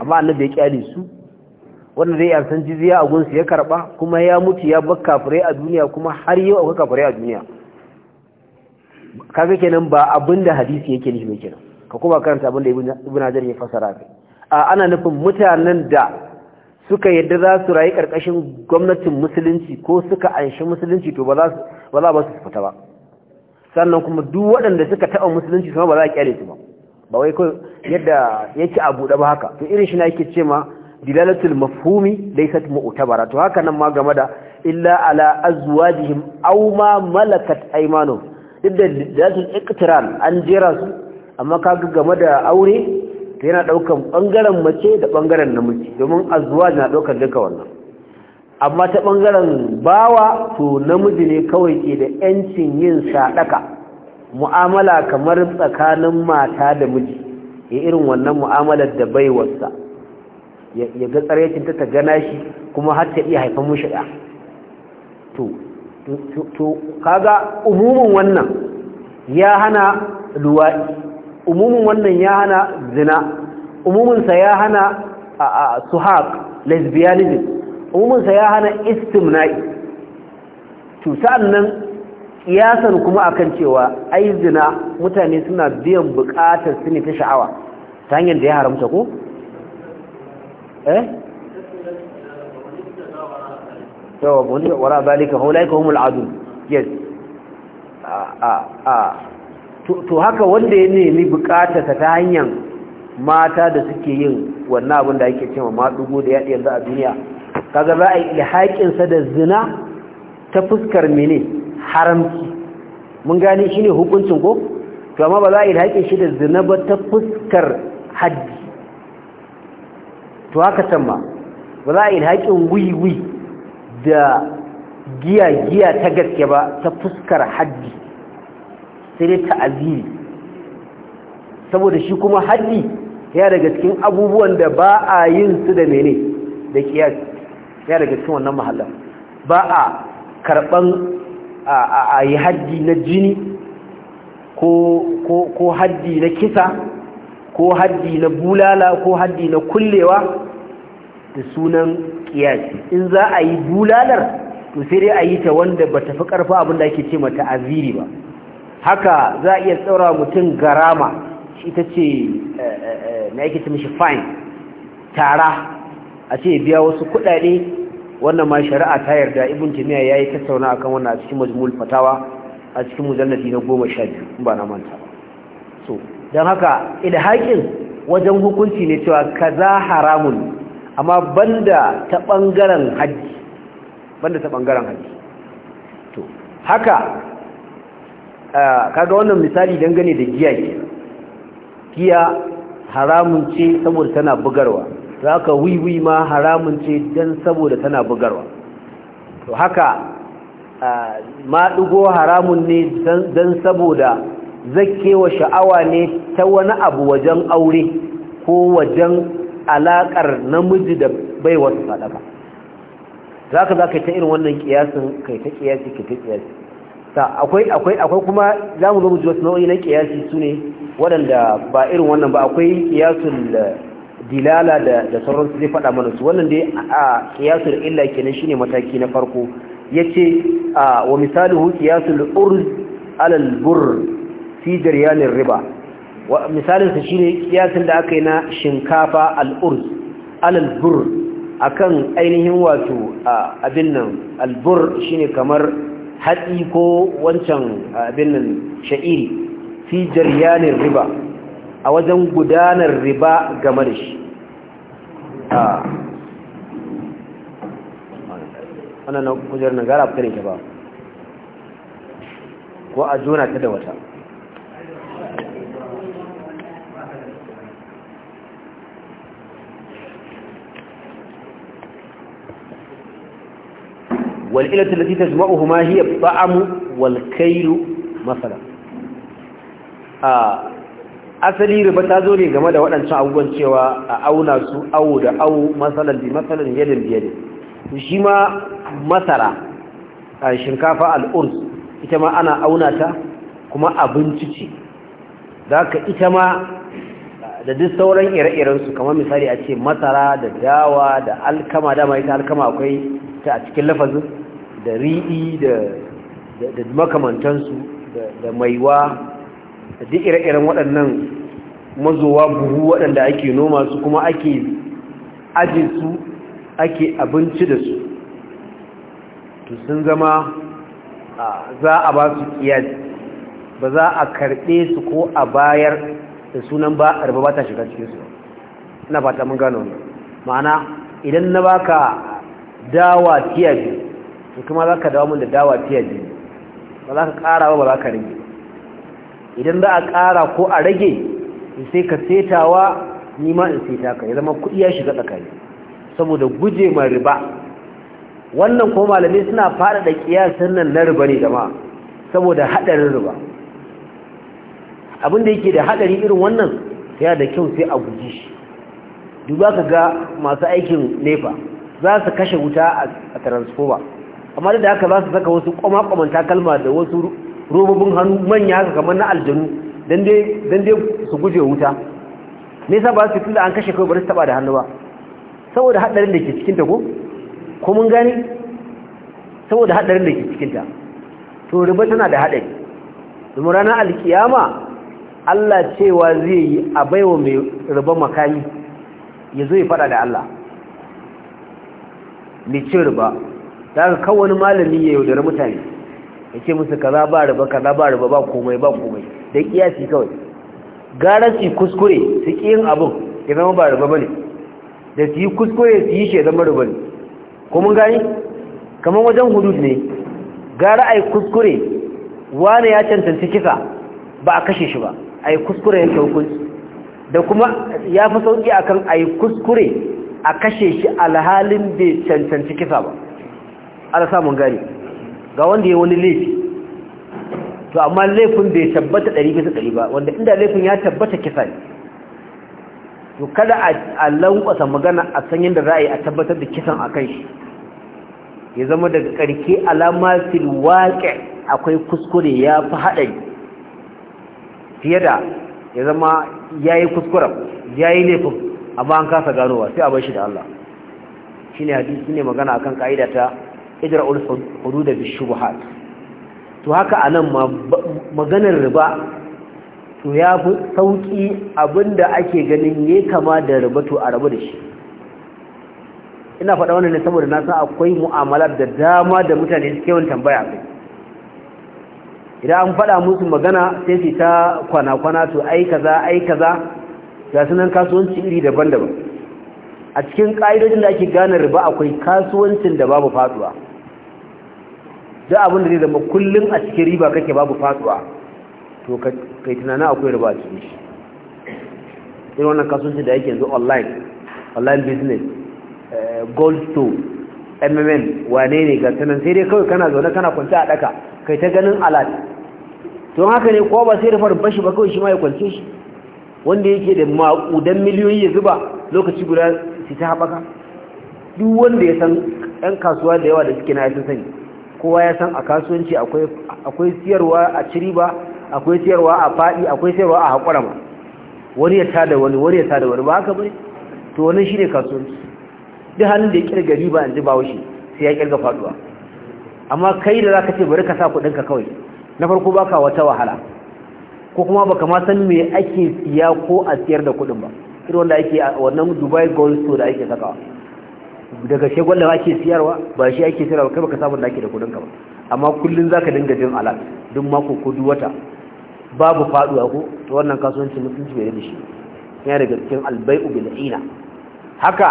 amma annabi ya kyale su wanda zai yarsan jiziya a gunsu ya karɓa kuma ya mutu ya baka fure a duniya kuma har yau akwai kafirai a duniya kaga kenan ba abin da hadisi yake nufi mai kenan ka kuma karanta abin da Hajar ya fasara a ana nufin mutanen da suka yadda za su rayu ƙarƙashin gwamnatin musulunci ko suka anshi musulunci to ba za ba su fita ba sannan kuma duk waɗanda suka taɓa musulunci su ba za a kyale su ba ba wai kawai yadda yake a buɗe ba haka to irin shi na yake ce ma dilalatul mafhumi laysat mu'tabara to haka nan ma game da illa ala azwajihim aw ma malakat aymanuhum duk da dilalatul iqtiran an jera su amma kaga game da aure yana daukan bangaren mace da bangaren namiji domin azwaj na daukan duka wannan amma ta bangaren bawa to namiji ne kawai ke da yancin yin sadaka mu'amala kamar tsakanin mata da miji ya irin wannan mu'amalar da baiwarsa ya ga tsarecin ta ta gana shi kuma har ta iya haifan mushi ɗa to to kaga umumin wannan ya hana luwai. umumin wannan ya hana zina umuminsa ya hana suhaq lesbianism umuminsa ya hana istimna'i to sa'annan kiyasan kuma akan cewa ai zina mutane suna biyan bukatar su ne ta sha'awa ta hanyar da ya haramta ko eh to wani wara balika haulaika humul yes a a a to haka wanda ya nemi bukata ta hanyar mata da suke yin wannan abin da ake cewa maɗugo da yaɗi yanzu a duniya kaga za a yi ilhaƙinsa da zina ta fuskar mene haramci mun gane shi ne hukuncin ko to amma ba za a ilhaƙin shi da zina ba ta fuskar haddi to haka can ba za a ilhaƙin wiwi da giya-giya ta gaske ba ta fuskar haddi sai dai ta'aziri saboda shi kuma haddi ya daga cikin abubuwan da ba a yin su da mene da kiyas ya daga cikin wannan mahallan ba a karban a yi haddi na jini ko haddi na kisa ko haddi na bulala ko haddi na kullewa da sunan kiyas in za a yi bulalar to sai dai a yi ta wanda ba fi karfa abin da ake ce mata aziri ba haka za a iya tsaura mutum garama shi ta ce na yake ta mishi fine tara a ce biya wasu kudade wannan ma shari'a ta yarda ibn timiya ya yi tattauna akan wannan a cikin majmul fatawa a cikin mujalladi na goma sha biyu ba na manta ba so don haka ilhaƙin wajen hukunci ne cewa ka za haramun amma banda ta ɓangaren haji banda ta ɓangaren haka kaga wannan misali dangane da giya ke giya haramun ce saboda tana bugarwa za ka wiwi ma haramun ce don saboda tana bugarwa to haka maɗugo haramun ne don saboda zakewa sha'awa ne ta wani abu wajen aure ko wajen alaƙar namiji da faɗa ba za ka za ka ta irin wannan ƙiyasin kai ta ƙiyasi kai ta ƙiyasi akwai kuma zamu zo mu ji wasu nau'i na kiyasi ne waɗanda ba irin wannan ba akwai kiyasun eh, dilala da da sauran su zai faɗa mana su wannan dai a kiyasun illa kenan shi ne mataki na farko ya ce yace wa misaluhu kiyasun urz alal bur fi jariyanin riba misalin su shi shine kiyasun da aka yi na shinkafa al-urz alal bur akan ainihin wato abin nan albur shi ne kamar hatsi ko wancan abin nan sha'iri fi jaryanin riba a wajen gudanar riba game da shi wannan na kujerar nan gara fitar ba ko a jona ta da wata والإلة التي تجمعهما هي الطعم والكيل مثلا asali riba ta zo ne game da waɗancan abubuwan cewa a auna su au da au matsalan bi matsalan yadin biyadin shi masara shinkafa al'urs ita ma ana auna ta kuma abinci ce za ka ita ma da duk sauran ire-irensu kamar misali a ce masara da dawa da alkama dama ita alkama akwai ta a cikin lafazin da ri'i da makamantansu da maiwa da duk ire-iren waɗannan mazowa buhu waɗanda ake noma su kuma ake aji su ake abinci da su to sun zama za a ba su kiyasi ba za a karɓe su ko a bayar da sunan ba a ba ta shiga cikinsu ina ba ta mun gano ma'ana idan na baka dawa tiyar in kuma za ka dawo mun da dawa fiye ji ba za ka kara ba ba za ka rage idan za a kara ko a rage sai ka setawa ni in seta ka ya zama kuɗi ya shiga tsakani saboda guje ma riba wannan kuma malamai suna faɗaɗa ƙiyasin nan na riba ne dama saboda haɗarin riba abin yake da haɗari irin wannan yana da kyau sai a guji shi duba ka ga masu aikin nefa za su kashe wuta a transformer amma da haka za su saka wasu kwamakwamanta kalma da wasu robobin hannu manya haka kamar na aljanu don dai su guje wuta nesa ba su tunda an kashe kawai bari su taba da hannu ba saboda haɗarin da ke cikinta ko ko mun gani saboda haɗarin da ke cikinta to riba tana da haɗari domin ranar alkiyama Allah cewa zai yi a baiwa mai riba makami ya zo ya faɗa da Allah mai cin riba daga kawai malami ya yaudara mutane ya ce musu kaza ba riba kaza ba riba ba komai ba komai da kiyasi kawai gara su kuskure su ƙi yin abin ya zama ba riba ba ne da su yi kuskure su yi shi ya zama riba ne ko mun gani kamar wajen hudud ne gara a yi kuskure wani ya cancanci kisa ba a kashe shi ba a yi kuskure ya hukunci da kuma ya fi sauƙi akan a yi kuskure a kashe shi alhalin bai cancanci kisa ba ala samun gane ga wanda ya wani laifi to amma laifin bai tabbata ɗari bisa ɗari ba wanda inda laifin ya tabbata kisa ne to kada a lankwasa magana a san yadda za a tabbatar da kisan a kai shi ya zama daga ƙarke alama filwaƙe akwai kuskure ya fi haɗari fiye da ya zama ya yi kuskuren ya yi laifin amma an kasa ganowa sai a bai shi da Allah shi ne hadisi ne magana akan ka'ida ta idra'ul hudud bil shubuhat to haka anan maganar riba to yafi sauki abinda ake ganin yayi kama da riba to a rabu da shi ina faɗa wannan ne saboda na san akwai mu'amalar da dama da mutane suke yin tambaya kai idan an faɗa musu magana sai su ta kwana-kwana to ai kaza ai kaza ga sunan kasuwanci iri daban-daban a cikin ƙa'idojin da ake gane riba akwai kasuwancin da babu faduwa duk abin da zai zama kullum a cikin riba kake babu faduwa to kai tunanin akwai riba a cikin shi irin wannan kasuwancin da yake yanzu online online business eh, gold store mmm wane ne ga sanan sai dai kawai kana zaune kana kwanci a ɗaka kai ta ganin alat to haka ne ko ba sai rufar bashi ba kawai shi ma ya kwance shi wanda yake da maƙudan miliyoyi ya zuba lokaci guda su ta haɓaka duk wanda ya san 'yan kasuwa da yawa da suke na ya sani kowa ya san a kasuwanci akwai siyarwa a ciriba akwai siyarwa a faɗi akwai siyarwa a haƙura ma wani ya tada wani wani ya tada wani ba haka bane to wani shi ne kasuwanci duk hannun da ya kirga riba an ji ba wuce sai ya kirga faduwa amma kai da za ka ce bari ka sa kuɗinka kawai na farko baka wata wahala ko kuma ba ka ma san me ake siya ko a siyar da kuɗin ba irin wanda ake a wannan dubai gold store da ake sakawa daga shegon da ake siyarwa ba shi ake siyarwa kai baka samu da ake da kudin ka ba amma kullun zaka dinga jin alat duk mako ko duk wata babu faduwa ko to wannan kasuwanci mutunci bai da shi yana daga cikin albai'u bil ina haka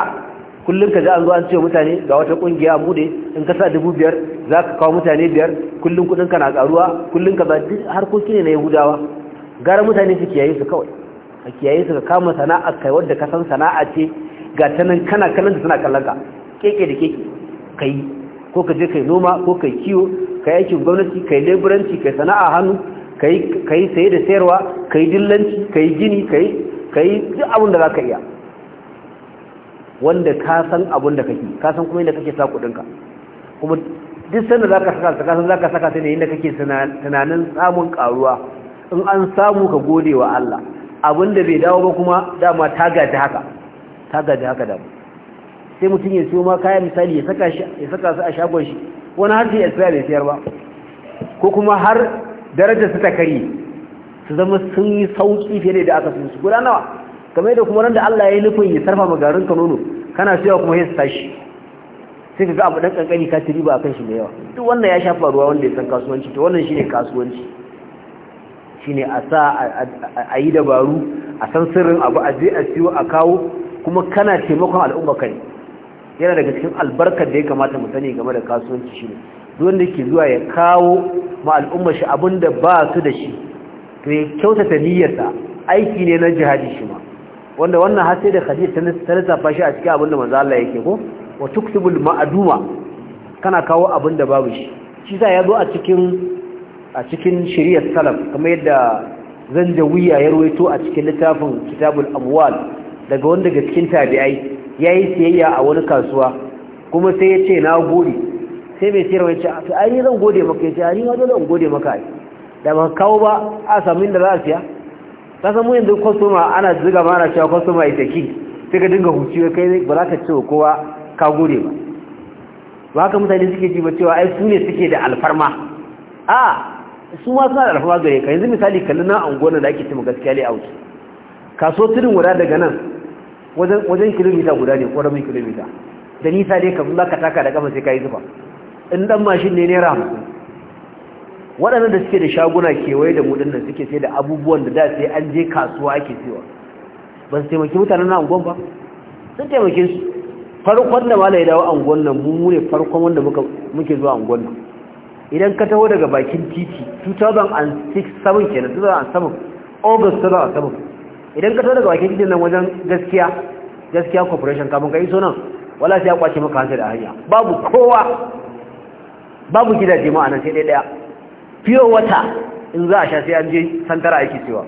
kullun ka ji an zo an ce mutane ga wata kungiya mu dai in ka sa dubu biyar za ka kawo mutane biyar kullun kudin ka na karuwa kullun ka ba harkoki ne na yahudawa gara mutane su kiyaye su kawai A kiyaye su ka kama sana'a kai wadda ka san sana'a ce ga ta nan kana kallon da suna kallon ka keke da keke ka yi ko ka je kai noma ko kai kiwo ka yi aikin gwamnati kai leburanci kai sana'a hannu ka yi saye da sayarwa ka yi dillanci ka yi gini ka yi duk abin da za ka iya wanda ka san abin da kake ka san kuma inda kake sa kuɗinka kuma duk sanda za ka saka ka san za ka saka sai da inda kake tunanin samun karuwa in an samu ka gode wa Allah abinda bai dawo ba kuma dama ta gaji haka ta gaji haka dama sai mutum ya siyo ma kaya misali ya saka su a shagon shi wani har sai tsaya bai siyar ba ko kuma har darajar su ta kari su zama sun yi sauki fiye da aka sun su guda nawa kamar da kuma randa Allah ya yi nufin ya sarfa magarin ka nono kana siyawa kuma yin tashi sai ka ga abu dan kankani ka tiri ba akan shi da yawa duk wannan ya shafa ruwa wanda ya san kasuwanci to wannan shine kasuwanci ne a sa a yi dabaru a san sirrin abu a je a siyo a kawo kuma kana taimakon al'umma kai yana daga cikin albarkar da ya kamata mu sani game da kasuwanci ne don da ke zuwa ya kawo ma al'umma shi da ba su da shi to ya kyautata niyyarsa aiki ne na jihadi shi ma wanda wannan har sai da Khadija ta lissafa shi a cikin da manzo Allah yake ko wa tuktubul ma'aduma kana kawo da babu shi shi za ya zo a cikin a cikin shirya salaf kamar yadda wuya ya ruwaito a cikin littafin kitabul amwal daga wanda daga cikin tabi'ai yayi siyayya a wani kasuwa kuma sai ya ce na gode sai mai siyarwa ya ce a ai zan gode maka ya ce ai ma dole gode maka ai da ba kawo ba a samu inda za a siya ka samu yanzu kwastoma ana ziga ma ana cewa kwastoma ita ki sai ka dinga huci kai ba za ka ce wa kowa ka gode ba ba haka mutane suke ji ba cewa ai su ne suke da alfarma a su ma suna da alfama gare ka yanzu misali kalli na angona da ake cima gaskiya layout kaso tudun guda daga nan wajen kilomita guda ne ko ramin kilomita da nisa ne kafin za ka taka da kafa sai ka yi zufa in dan mashin ne naira hamsin waɗannan da suke da shaguna kewaye da mudin nan suke sai da abubuwan da da sai an je kasuwa ake siwa ba su taimaki mutanen na angon ba sun taimake su farkon da mala ya dawo angon nan mu ne farkon wanda muke zuwa angon nan idan ka taho daga bakin titi 2007 nan 2007 august 2007 idan ka taho daga bakin titi nan wajen gaskiya gaskiya corporation kafin ka iso nan wala sai ya kwace maka hankali da hanya babu kowa babu gidaje ma anan sai dai daya fiyo wata in za a sha sai an je santara ake cewa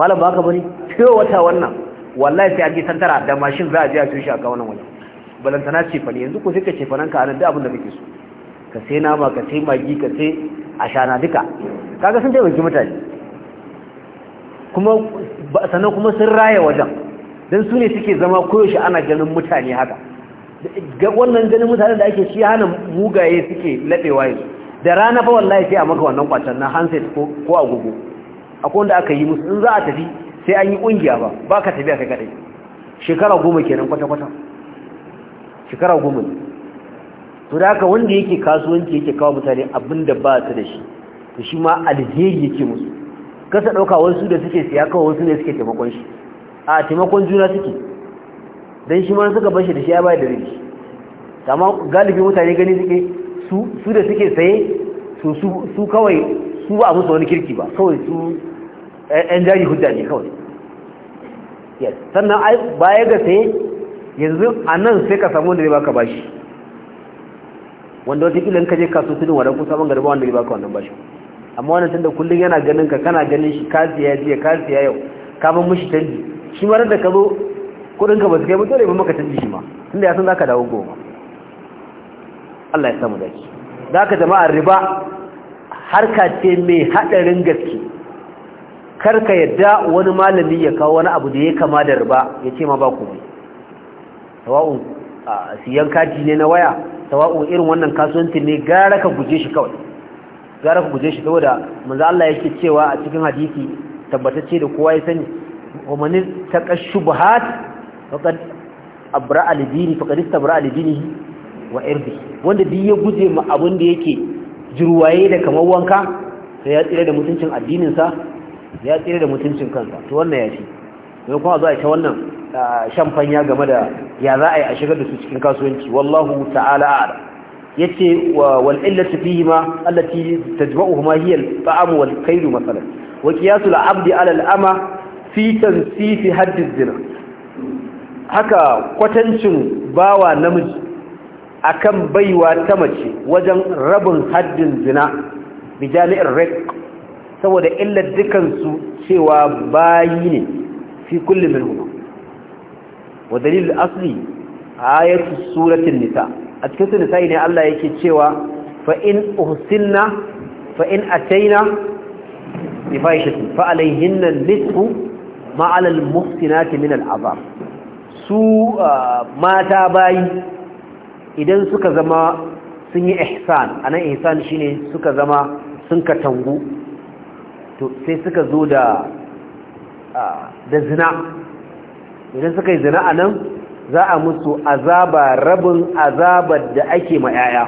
malam ba ka bane fiye wata wannan wallahi sai an je santara da mashin za a je a tushe a kawo nan wajen balantana ce yanzu ko sai ka ce a nan ka duk abin da kake so ka sai nama ka sai magi ka sai ashana duka kaga sun taimaki mutane kuma sannan kuma sun raya wajen don su ne suke zama koyaushe ana ganin mutane haka wannan ganin mutanen da ake shi hana mugaye suke laɓewa yi da rana fa wallahi sai a maka wannan kwacen na hanset ko agogo akwai wanda aka yi musu in za a tafi sai an yi ƙungiya ba ba ka tafiya kai kadai shekara goma kenan kwata-kwata shekara goma ne to wanda yake kasuwanci yake kawo mutane abin da ba su da shi to shi ma alheri yake musu kasa ɗauka wasu da suke siya kawai wasu ne suke taimakon shi a taimakon juna suke don shi ma suka bar shi da shi ya bayar da rikici amma galibi mutane gani suke su da suke saye su kawai su ba a musu wani kirki ba kawai su yan jari hujja ne kawai sannan baya ga saye yanzu a nan sai ka samu wanda zai baka bashi wanda watakila in kaje je kaso tudun wadan kusa ban garba wanda ya ka wannan bashi amma wannan tunda kullum yana ganin ka kana ganin shi ka siya jiya ka siya yau ka ban mishi canji shi ma da ka zo kudin ka ba su kai ba dole ba maka canji shi ma tunda ya san ka dawo goma Allah ya samu za ka jama'a riba harka ce mai haɗarin gaske karka yadda wani malami ya kawo wani abu da ya kama da riba ya ce ma ba komai sawa'un siyan kati ne na waya tawa'u irin wannan kasuwancin ne gara ka guje shi kawai gara ka guje shi kawai da manzo Allah yake cewa a cikin hadisi tabbatacce da kowa ya sani wa man taqashshubahat faqad abra'a lidini faqad istabra lidinihi wa irdi wanda bi ya guje ma abin da yake jirwaye da kamar wanka sai ya tsire da mutuncin addinin sa ya tsire da mutuncin kansa to wannan yafi sai kuma zo a ce wannan fanya game da ya za a yi a shigar da su cikin kasuwanci wallahu ta'ala a'ala yace wal illatu fihi ma allati tajma'uhu hiya al-ta'am wal kayd masalan wa qiyasul 'abdi 'ala al-ama fi tansifi hadd zina haka kwatancin bawa namiji akan baiwa ta mace wajen rabin haddin zina bi jami'ir rek saboda illar dukansu cewa bayi ne fi kullum minhum wa dalilul asli ayatu suratul nisa a cikin suratul nisa ne Allah yake cewa fa in uhsinna fa in ataina bi fahishatin fa alayhinna nisfu ma 'ala al su uh, mata bayi idan suka zama sun yi ihsan anan ihsan shine suka zama sun ka tangu to sai suka zo da uh, zina idan suka yi zina a nan za a musu azaba rabin azabar da ake ma 'ya'ya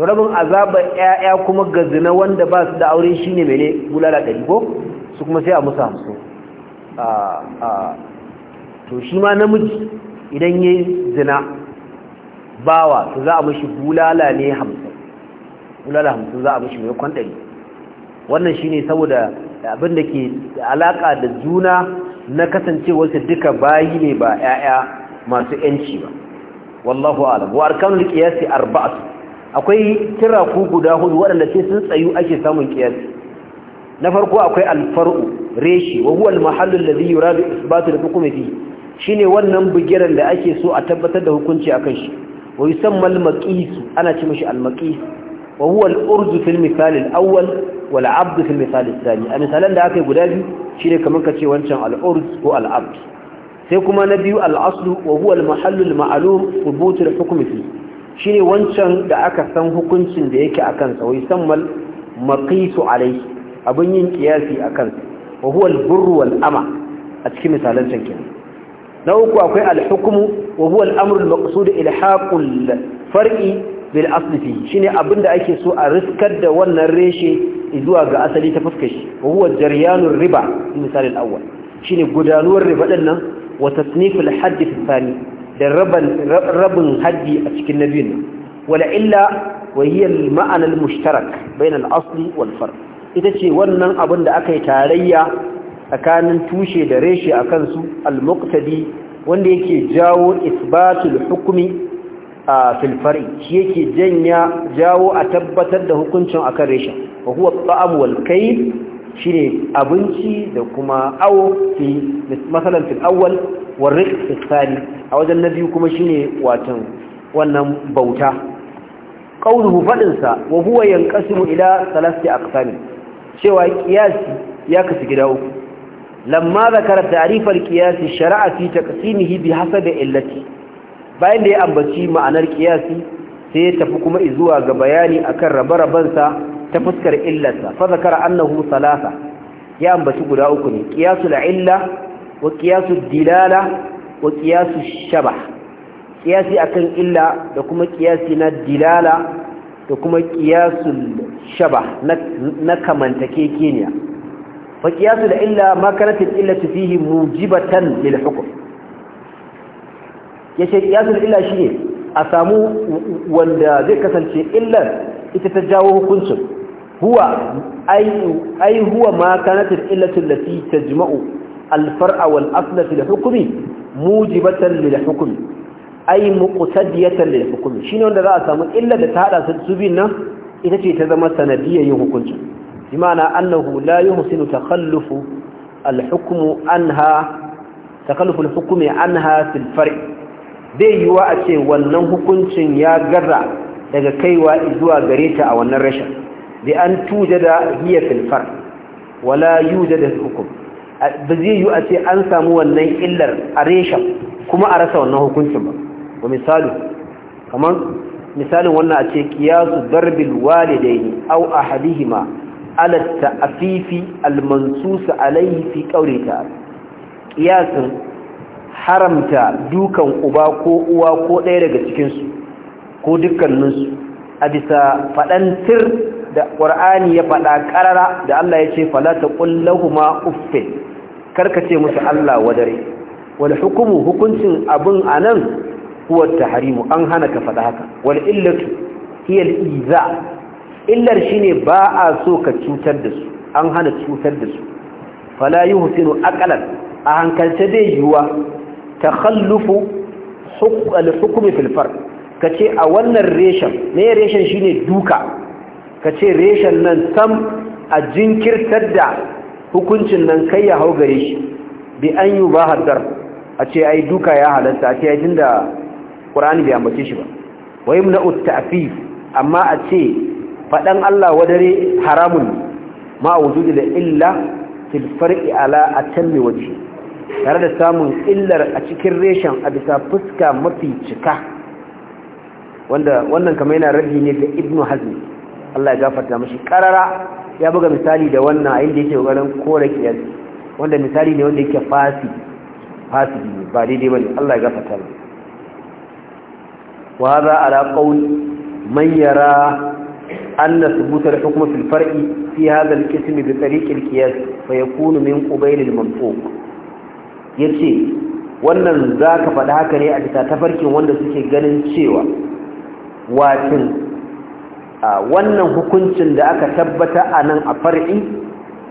rabin azabar 'ya'ya kuma ga zina wanda ba su da aure shine mene bulala ɗari ko su kuma sai a musu hamsin to shi ma namiji idan ya zina bawa to za a mashi bulala ne hamsin bulala hamsin za a mashi mai kwan ɗari wannan shine saboda abin da ke alaƙa da juna na kasancewarsa duka bayi ne ba 'ya'ya masu yanci ba wallahu alam wa arkanul arba'a arba'atu akwai kira guda hudu waɗanda sai sun tsayu ake samun qiyasi na farko akwai alfar'u reshi wa huwa almahallu alladhi yuradu isbatu al-hukmi fi shine wannan bugiran da ake so a tabbatar da hukunci akan shi wa yusamma maqis ana ce shi al وهو الأرز في المثال الأول والعبد في المثال الثاني المثالان da aka yi guda biyu shine kaman kace wancan al-urz ko al-abd sai kuma na biyu al-aslu wa huwa al-mahallu al-ma'lum thubut al shine wancan da aka san hukuncin da yake akan sa wai sammal maqisu alayhi abun yin kiyasi akan sa wa huwa al-burru a cikin misalan kenan na uku akwai al-hukmu wa huwa al-amru al-maqsud ilhaqul far'i bil aslifi shine abinda ake so a riskar da wannan reshe zuwa ga asali ta fuskar shi wa huwa jaryanur riba misali al-awwal shine gudanuwar riba dinnan wa tasniful hadd fi thani da rabin haddi a cikin nabiyin wala illa wa hiya al al-mushtarak bainan al-asli wal ita ce wannan abin da aka yi tarayya tsakanin tushe da reshe akan su al-muqtadi wanda yake jawo isbatul hukmi a filfari shi yake janya jawo a tabbatar da hukuncin akan reshen wa huwa ta'am shine abinci da kuma awo fi masalan fil wa rizq a wajen biyu kuma shine watan wannan bauta qauluhu fadin sa wa huwa mu ila a aqsam cewa qiyasi ya kasu gida uku lamma zakara ta'rif al qiyas shar'a fi taqsimihi bi da illati bayan da ya ambaci ma'anar kiyasi sai ya tafi kuma izuwa ga bayani akan rabe-rabensa ta fuskar illarsa fa zakara annahu salasa ya ambaci guda uku ne qiyasul illa wa qiyasul dilala wa qiyasul shabah qiyasi akan illa da kuma qiyasi na dilala da kuma qiyasul shabah na kamantakekeniya fa qiyasul illa ma kanat illatu fihi mujibatan lil hukm ya ce kiyasul illa shi ne a samu wanda zai kasance illar ita ta jawo hukuncin huwa ai huwa ma kanatin illatin lati tajma'u alfar'a wal asla fil hukmi mujibatan lil hukumi. ai muqtadiyatan lil hukumi. shine wanda za a samu illar da ta hada su biyun nan ita ce ta zama sanadiyar yin hukuncin بمعنى أنه لا يحسن تخلف الحكم عنها تخلف الحكم bai yiwa a ce wannan hukuncin ya gaza daga kaiwa zuwa gare ta a wannan rashin bi an tuja da hiya filfar wala yuja da hukum ba zai yiwu a ce an samu wannan illar a reshen kuma a rasa wannan hukuncin ba Ba misali kamar misalin wannan a ce kiyasu darbil walidaini aw ahadihima ala ta'fifi almansus alayhi fi qawli ta'ala kiyasin haramta dukan uba ko uwa ko ɗaya daga cikinsu ko dukkaninsu a bisa faɗantir da ƙwar'ani ya faɗa ƙarara da Allah ya ce falata ƙullahuma uffin karkace musu Allah wadare wani hukumu hukuncin abin a nan kuwar harimu an hana ka faɗa haka wani illatu hiyar iza illar shi ne ba a so ka cutar da su an hana cutar da su falayi yi husinu akalan a hankalce zai yiwuwa takhallufu hukumi filfar ka ce a wannan reshen ne reshen shine duka ka ce reshen nan sam a jinkirtar da hukuncin nan kai ya hau gare shi bi an yi ba a ce ai duka ya halatta a ce yajin da ƙurani bai ambace shi ba wai mu na uttafif amma a ce faɗan Allah wadare haramun ma a da illa tilfar'i ala a can mai waje tare da samun illar a cikin reshen a bisa fuska mafi cika wanda wannan kama yana rabi ne da ibnu hazmi Allah ya gafarta mashi karara ya buga misali da wannan a inda yake ƙoƙarin kore kiyar wanda misali ne wanda yake fasi fasi ne ba daidai ba ne. Allah ya gafarta mashi wa haza ala qawl man yara anna thubut al-hukm fi al-far'i fi hadha al da bi tariq Fa qiyas fa yakunu min qubayl al-manfuq ya ce wannan za ka faɗi haka ne a bisa tafarkin wanda suke ganin cewa a wannan hukuncin da aka tabbata a nan a far'i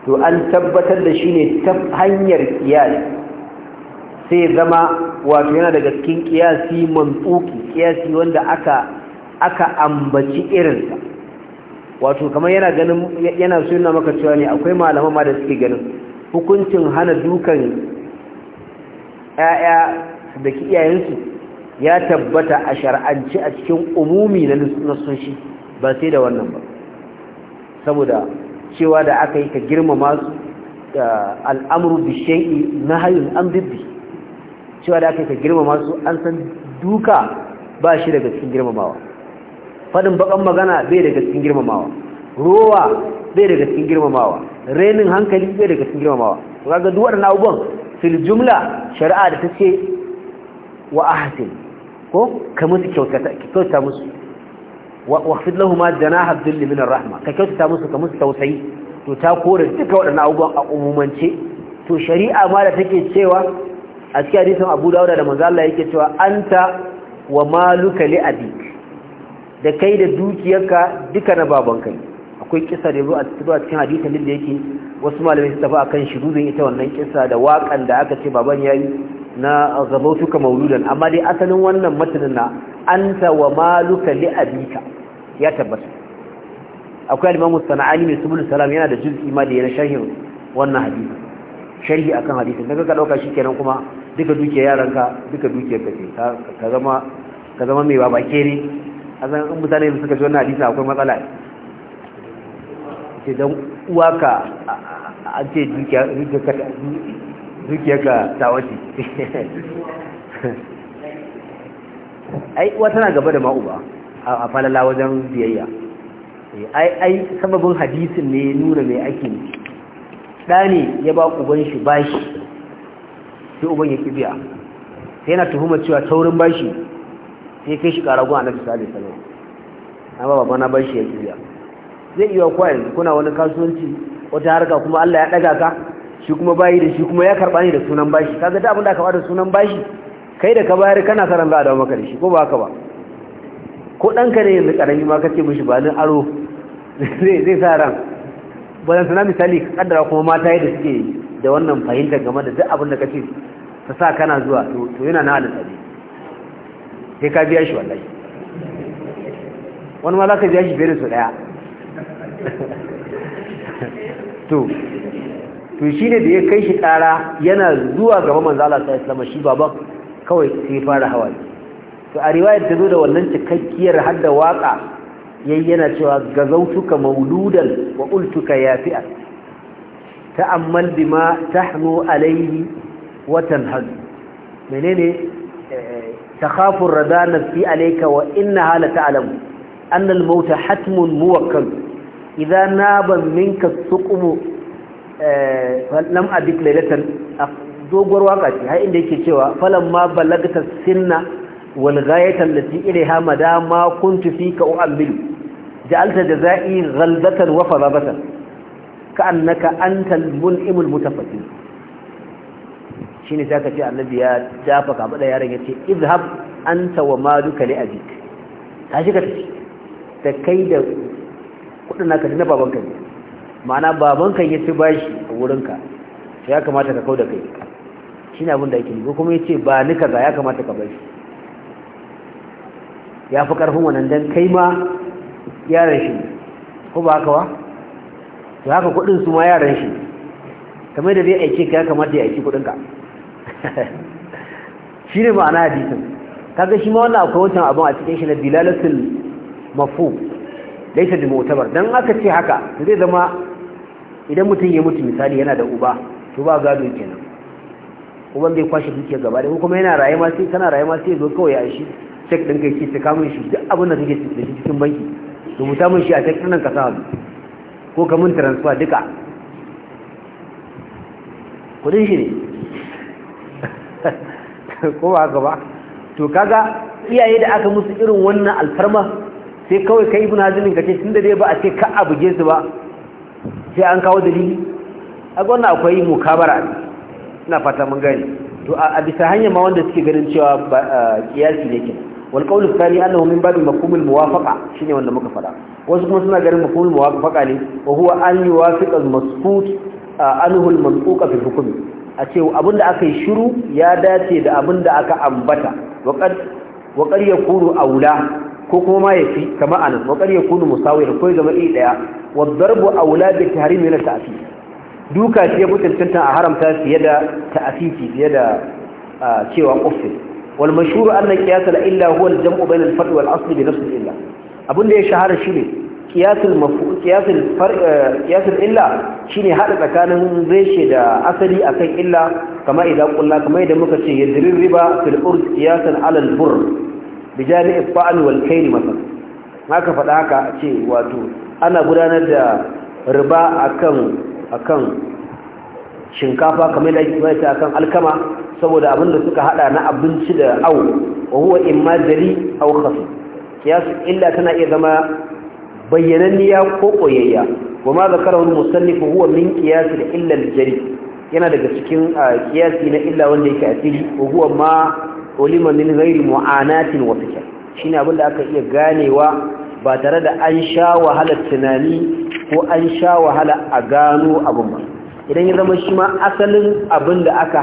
to an tabbatar da shi ne ta hanyar kiyasi sai zama wato yana daga cikin kiyasi mantsuki kiyasi wanda aka aka ambaci irinsa wato kamar yana ganin yana suna maka cewa ne akwai malaman ma da suke ganin hukuncin hana dukan 'ya'ya su daki iyayensu ya tabbata a shar'anci a cikin umumi na nasoshi ba sai da wannan ba saboda cewa da aka yi ka girmama su da al'amuru na hayun an bibbi cewa da aka yi ka girmama su an san duka ba shi daga cikin girmamawa faɗin baƙan magana bai daga cikin girmamawa rowa bai daga cikin girmamawa renin hankali bai daga cikin girmamawa ga duk waɗannan abubuwan fil jumla shari'a da ta ce wa ahsin ko ka musu kyautata kyautata musu wa waqfid lahum janaha dhilli min rahma ka kyautata musu ka musu tausayi to ta kore duka waɗannan abubuwan a umumance to shari'a ma da take cewa a cikin hadisin Abu Dawud da manzo Allah yake cewa anta wa maluka li abik da kai da dukiyarka duka na babanka akwai kisa da yazo a cikin hadisin da yake wasu malamai su tafi akan shiruzin ita wannan kissa da waƙan da aka ce baban ya yi na zabautuka mauludan amma dai asalin wannan matanin na anta wa maluka li abika ya tabbata akwai al-imamu sana'ani mai subul salam yana da juz'i ma da yana shahin wannan hadisi sharhi akan hadisi daga ka dauka kenan kuma duka duke yaranka duka duke kace ka zama ka zama mai baba kere azan in mutane suka ji wannan hadisi akwai matsala ce dan uwa ka an ce dukiya ka ta wace ai uwa tana gaba da ma'uba a falala wajen biyayya ai ai sababin hadisin ne nuna mai ake ne ɗa ne ya ba uban shi bashi sai uban ya kibiya sai yana tuhumar cewa taurin bashi sai kai shi karagon annabi sallallahu alaihi wasallam amma babana bashi ya kibiya zai iya kwayar kuna wani kasuwanci wata harka kuma Allah ya ɗaga ka shi kuma bayi da shi kuma ya karɓa ni da sunan bashi ka ga abin da aka bada sunan bashi kai da ka bayar kana karan za a dawo maka da shi ko ba haka ba ko ɗanka ne yanzu ƙarami ma kace mishi ba ni aro zai sa ran ba zan sana misali kaddara kuma mata yadda suke da wannan fahimtar game da duk abin da kace ta sa kana zuwa to yana na halin tsari sai ka biya shi wallahi wani ma za ka biya shi fere su ɗaya to to shi ne da ya kai shi ƙara yana zuwa gaba manzala ta islama shi baban kawai sai fara hawaye to a riwayar ta zo da wannan cikakkiyar hadda waka yayi yana cewa gazautuka mauludan wa ultuka yafi'a ta'ammal bima tahnu alayhi wa tanhad menene takhafu Radana fi alayka wa innaha la ta'lamu anna al-mauta hatmun muwakkal na ban minka suqmu lam abik a dogwar waka ce har inda yake cewa falamma balagta sinna wal ghayata allati ilayha madama kuntu fika u'amil ja'alta jazai ghalbatan wa farabatan ka'annaka antal mun'imul mutafakkir shine zaka ce annabi ya dafa kama da yaron yace izhab anta wa maluka li abik ka shiga ta kai da kudin naka na babanka ne ma'ana babanka ya ci bashi a wurinka ya kamata ka kau da kai shi ne abin da ake ko kuma ya ce ba ni kaza ya kamata ka bashi ya fi ƙarfin wannan don kai ma yaran shi ko ba haka wa to haka kudin su ma yaran shi kamar da zai aike ka ya kamata ya aiki kudinka shi ne ma'ana hadisin kaga shi ma wannan akwai wancan abin a cikin shi na bilalatul mafhum laisa da mu'tabar dan aka ce haka zai zama idan mutum ya mutu misali yana da uba to ba gado kenan uban bai kwashe dukiya gaba da kuma yana raye ma sai kana raye ma sai zo kawai a shi cek din kai ki saka min shi duk abin da kake da shi cikin banki rubuta min shi a cek din ka sa ko ka mun transfer duka kudin shi ne ko ba haka ba to kaga iyaye da aka musu irin wannan alfarma sai kawai ka yi ibn hazmin kace da dai ba a ce ka abuge su ba sai an kawo dalili a gwanna akwai mukabara ina fata mun gani to a bisa hanyar ma wanda suke ganin cewa kiyasi ne kenan wal qawlu thani annahu min babi mafhumul muwafaqa shine wanda muka fada wasu kuma suna ganin mafhumul muwafaqa ne wa huwa an yuwafiqa al masfut anhu al manquqa fi hukmi a ce abinda aka yi shiru ya dace da abinda aka ambata wa qad wa qad yakunu aula ko kuma ma ya fi? kama anan wa qad yakunu da ko zama iri daya a darbu aula bi tahrim min ta'fi duka ce mutuntunta a haramta fiye da ta'afi fiye da cewa uffin wal mashhur anna qiyas al illa huwa al jam'u bayna al fard wal asl bi nafs illa abin da ya shahara shine qiyas al maf'ul far qiyas illa shine hada tsakanin reshe da asali akan illa kama idan kullu kama idan muka ce yadrib riba fil urd qiyasan ala al burr bijami ifa'al wal kaini masal haka faɗa haka ce wato ana gudanar da riba akan akan shinkafa kamar da ake akan alkama saboda abin da suka hada na abinci da au wa huwa imma dari aw khafi kiyas illa tana iya zama bayyananniya ko koyayya wa ma zakarahu al-musannif huwa min qiyas illa al-jari yana daga cikin ah, kiyasi na illa wanda yake asiri wa huwa ma ulima min ghairi mu'anatin wa fikr shine abinda aka iya ganewa ba tare da an sha wahalar tunani ko an sha wahala a gano abin ba idan ya zama shi ma asalin abinda aka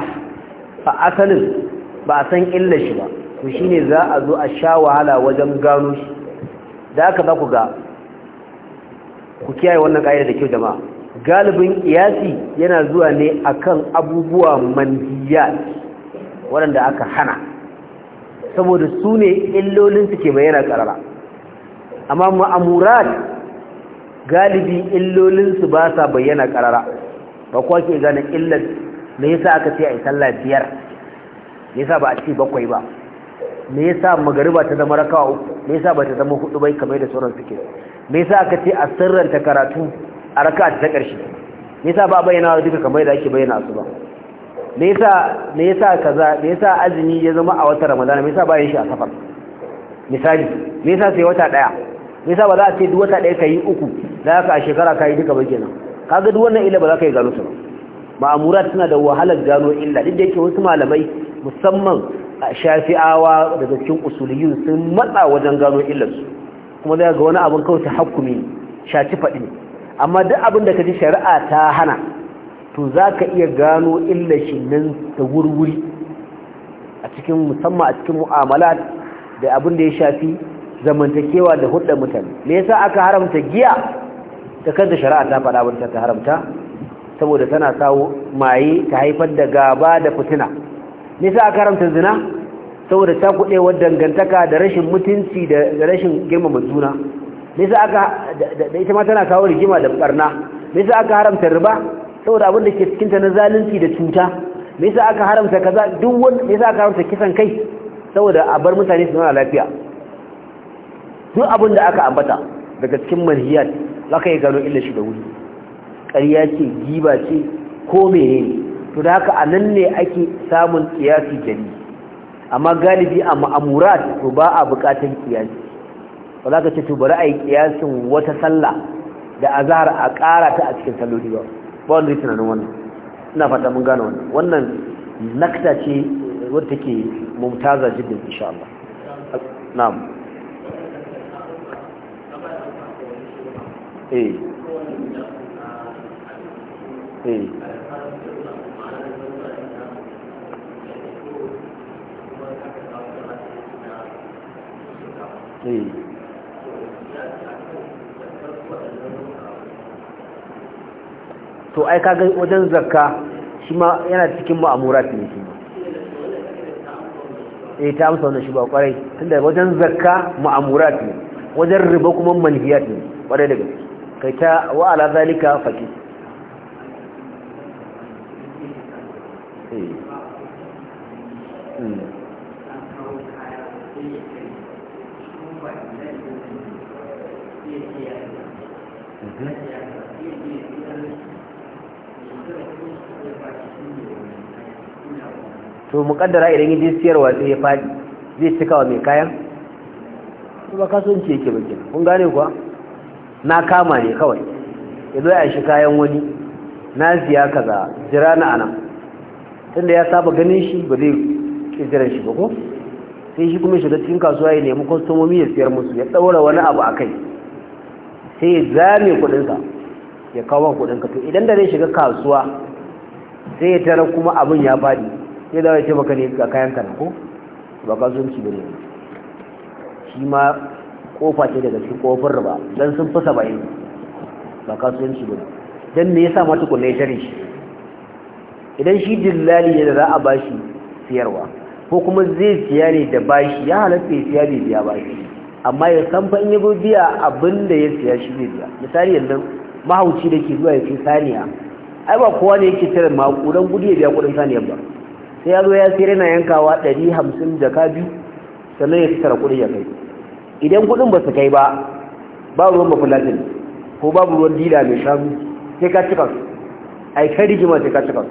fa asalin ba a san illa shi ba to shine za a zo a sha wahala wajen gano shi da aka za ku ga ku kiyaye wannan ƙa'ida da kyau jama'a galibin iyasi yana zuwa ne akan abubuwa manhiyat waɗanda aka hana saboda su ne illolin ke bayyana karara amma ma'amurat galibi illolinsu ba sa bayyana karara ba kuwa ke gane illar me yasa aka ce a yi sallah biyar me yasa ba a ce bakwai ba me yasa magariba ta zama rakawa uku me yasa ba ta zama hudu bai kamar da sauran suke me yasa aka ce a sirranta karatu a raka'a ta ƙarshe me yasa ba bayyana duka kamar da ake bayyana su ba me yasa me azumi ya zama a watan ramadan me yasa bayan shi a safar misali me yasa sai wata daya me yasa ba za a ce duk wata daya kai uku za ka a shekara kai duka ba kenan kaga duk wannan illa ba za ka yi gano su ba ma'amura suna da wahalar gano illa duk da yake wasu malamai musamman shafi'awa daga cikin usuliyun sun matsa wajen gano illarsu kuma zai ga wani abin kawai ta hakumi shaci faɗi amma duk abin da ka ji shari'a ta hana to za ka iya gano illa shi nan da wurwuri a cikin musamman a cikin mu'amala da abin da ya shafi zamantakewa da hudda mutane me yasa aka haramta giya ta kanta shari'a ta faɗa wanda ta haramta saboda tana sawo maye ta haifar da gaba da fitina me yasa aka haramta zina saboda ta wa dangantaka da rashin mutunci da rashin girmama juna me yasa aka da ita ma tana kawo rigima da barna me yasa aka haramta riba saboda abin da ke cikin ta na zalunci da cuta me yasa aka haramta kaza duk wanda me yasa aka haramta kisan kai saboda a bar mutane su zauna lafiya duk abin aka ambata daga cikin manhiyat zaka yi gano illa shi da wuri ƙarya ce giba ce ko menene to da haka a nan ne ake samun kiyasi jari amma galibi a ma'amurat to ba a buƙatar kiyasi ba za ka ce to bari a yi kiyasin wata sallah da azahar a ƙara ta a cikin salloli ba ba wanda yake tunanin wannan ina fata mun gano wannan wannan nakta ce wadda take mumtaza jirgin insha Allah na'am eh eh eh to ai kaga wajen zakka shi ma yana cikin ma'amurat ne shi eh ta amsa wannan shi ba kwarai tunda wajen zakka ma'amurat ne wajen riba kuma manhiyat ne kwarai da gaske kai ta wa ala zalika faqih to Mukaddara idan yin je siyarwa sai ya faɗi zai cika wa mai kayan ba kasuwanci yake bakin kun gane kuwa na kama ne kawai ya zo ya shi kayan wani na siya kaza jira na anan tunda ya saba ganin shi ba zai ƙirƙirar shi ba ko sai shi kuma shiga cikin kasuwa ya nemi kwastomomi ya siyar musu ya tsawara wani abu a kai sai ya zame kuɗinsa ya kawo kudinka to idan da zai shiga kasuwa sai ya tara kuma abin ya faɗi sai da ya ce maka ne ga kayan ka ko ba kasuwanci bane shi ma kofa ce daga cikin kofar ba don sun fi saba'in ba ne bane ne me yasa mata kuna ya shari shi idan shi dillali ne da za a bashi siyarwa ko kuma zai siya ne da bashi ya halatta ya siya bai biya bashi amma ya san fa in ya biya abin da ya siya shi zai biya misali yanzu mahauci da ke zuwa ya ce saniya ai ba kowa ne yake tare makudan gudu ya biya kudin saniyar ba sai ya zo ya sayar yana yankawa ɗari hamsin ka biyu sannan ya tattara kuɗi ya kai idan kuɗin ba su kai ba babu ruwan mafulatin, ko babu ruwan dila mai shanu sai ka cika su ai kai rigima sai ka cika su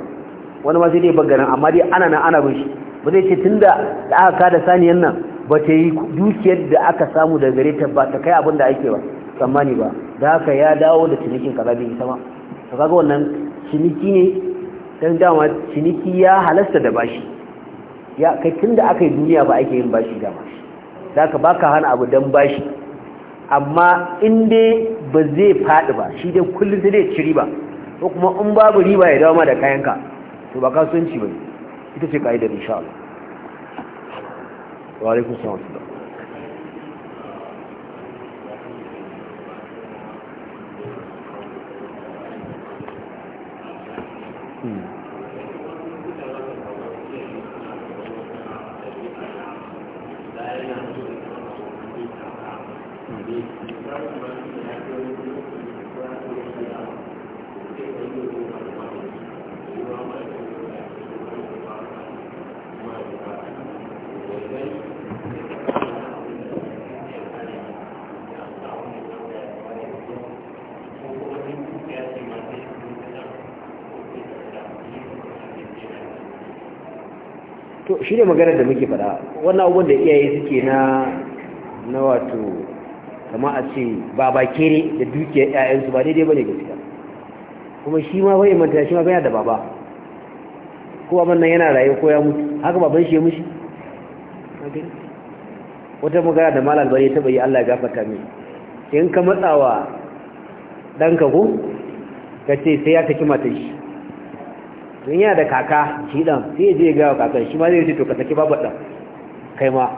wani ma sai dai bangaren amma dai ana nan ana bin shi ba zai ce tun da aka kada saniyan nan ba ta yi dukiyar da aka samu da gare ta ba ta kai abin da ake ba tsammani ba da haka ya dawo da cinikin kaza bin sama Ka to kaga wannan ciniki ne don dama ciniki ya halasta da bashi ya kai tun da aka yi duniya ba ake yin bashi dama za ka baka hana abu dan bashi amma in dai ba zai faɗi ba shi dai kullum sai dai ci riba ko kuma in babu riba ya dawo ma da kayanka to ba kasuwanci ba ita ce ka'idar insha Allah wa alaikum salam Hmm. to shi ne maganar da muke faɗa wannan abubuwan da iyaye suke na na wato kama a ce ba ba kere da dukiyar 'ya'yansu ba daidai ba ne gaskiya kuma shi ma bai manta shi ma bai da baba ko abin nan yana raye ko ya mutu haka baban shi ya mushi wata magana da malal bari ta bayi Allah ya gafarta min? in ka matsawa ɗanka ko ka ce sai ya taki matar shi don yana da kaka shi dan sai ya je ya gawa kakan shi ma zai ce to ka saki babu dan kai ma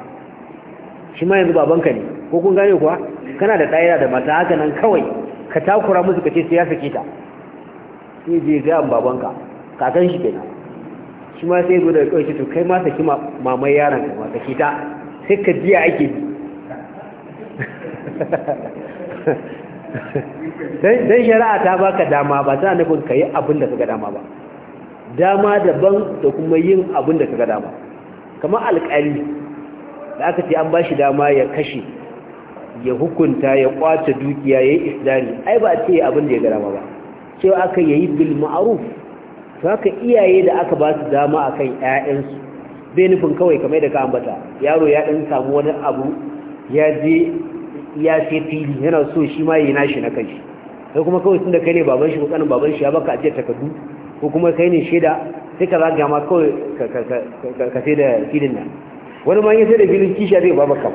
shi ma yanzu babanka ne ko kun gane kuwa kana da ɗaya da mata haka nan kawai ka takura musu ka ce sai ya saki ta sai je ga babanka kakan shi kenan shi ma sai gudu da kawai to kai ma saki mamai yaron ka ma saki ta sai ka jiya ake bi dan shari'a ta baka dama ba ta nufin ka yi abin da ka ga dama ba dama daban da kuma yin abin da kaga dama kamar alƙari da aka ce an ba shi dama ya kashe ya hukunta ya kwace dukiya ya yi isdari ai ba a ce abin da ya gara ba cewa aka yayi bil ma'ruf to haka iyaye da aka ba su dama akan 'ya'yansu bai nufin kawai kamar da ka ambata yaro ya dan samu wani abu ya je ya ce fili yana so shi ma yi nashi na kanshi sai kuma kawai tunda kai ne baban shi ko kanin baban shi ya baka a ce takardu ko kuma kai ne shaida sai ka zaga ma kawai ka sai da filin nan wani ma yi sai da filin kisha zai ba baka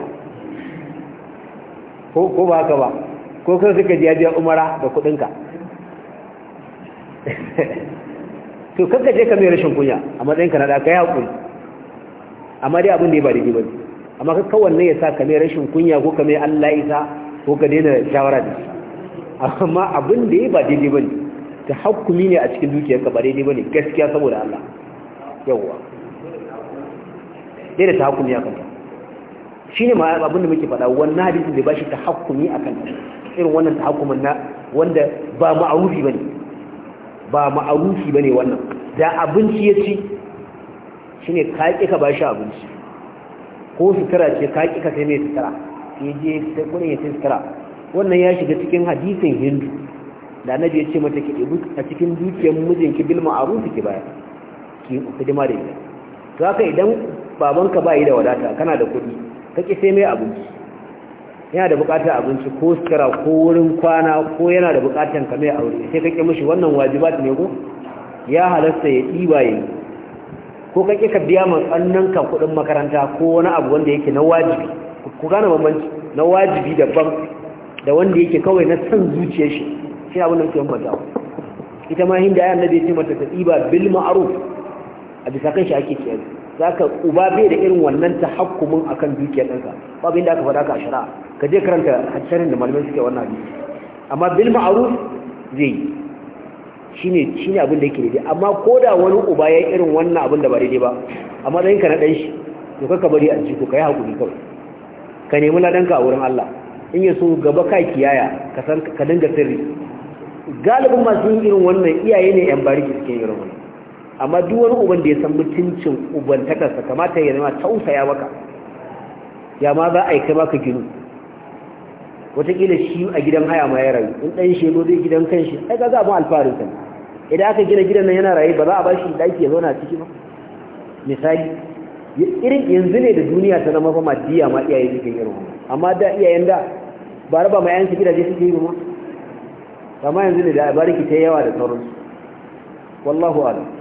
ko ba haka ba ko kan suka ji biya umara da kudinka to kanka je ka mai rashin kunya a matsayinka na da ka yi haƙuri amma dai abin da ya ba daidai ba ne amma kakka kawanne ya sa ka mai rashin kunya ko ka mai allah isa ko ka daina shawara da shi amma abin da ya ba daidai ba ne tahakkumi ne a cikin dukiyarka ba daidai bane gaskiya saboda Allah yawwa dai da tahakkumi akan ta shine ma abin da muke faɗa wannan hadisin da bashi tahakkumi akan ta irin wannan tahakkumin na wanda ba ma'arufi bane ba ma'arufi bane wannan da abinci ya ci shine ka ki ka bashi abinci ko sutura ce ka ki ka sai mai sutura sai je sai kuɗin ya sai sutura wannan ya shiga cikin hadisin hindu da na ya ce mata ki ɗebi a cikin dukiyar mijinki bil ma'ruf ki baya ki hidima da ita to haka idan babanka ba yi da wadata kana da kuɗi ka ki sai mai abinci yana da buƙatar abinci ko sutura ko wurin kwana ko yana da buƙatar ka mai aure sai ka ki mishi wannan wajibat ne ko ya halasta ya ɗiba yi ko ka ki ka biya ma ka kuɗin makaranta ko wani abu wanda yake na wajibi ku gane bambanci na wajibi daban da wanda yake kawai na san zuciyar shi shi abin da muke ambata ita ma hinda ayan nabi ce mata ta tsiba bil ma'ruf a bisa kan shi ake kiyaye zaka uba bai da irin wannan tahakkumin akan dukiyar ɗanka bai da aka fada ka shara ka je karanta hadisin da malamai suke wannan hadisi amma bil ma'ruf zai shine shine abin da yake daidai amma koda wani uba ya irin wannan abin da ba daidai ba amma dan ka na dan shi to ka bari a jiko kai hakuri kawai ka nemi ladanka a wurin Allah in yaso gaba ka kiyaya ka san ka dinga sirri galibin masu yin irin wannan iyaye ne yan bariki suke yi wannan amma duk wani uban da ya san mutuncin ubantakarsa kamata ya zama tausaya maka ya ma za a yi kai maka ginu wataƙila shi a gidan haya ma ya rayu in ɗan shego zai gidan kan shi ai kaga mu alfarin sa idan aka gina gidan nan yana raye ba za a ba shi ɗaki ya zauna ciki ba misali irin yanzu ne da duniya ta zama fa madiya ma iyaye suke irin amma da iyayen da ba raba ma yayan su gidaje suke yi ba ma kama yanzu ne da bariki ta yawa da sauransu wallahu alam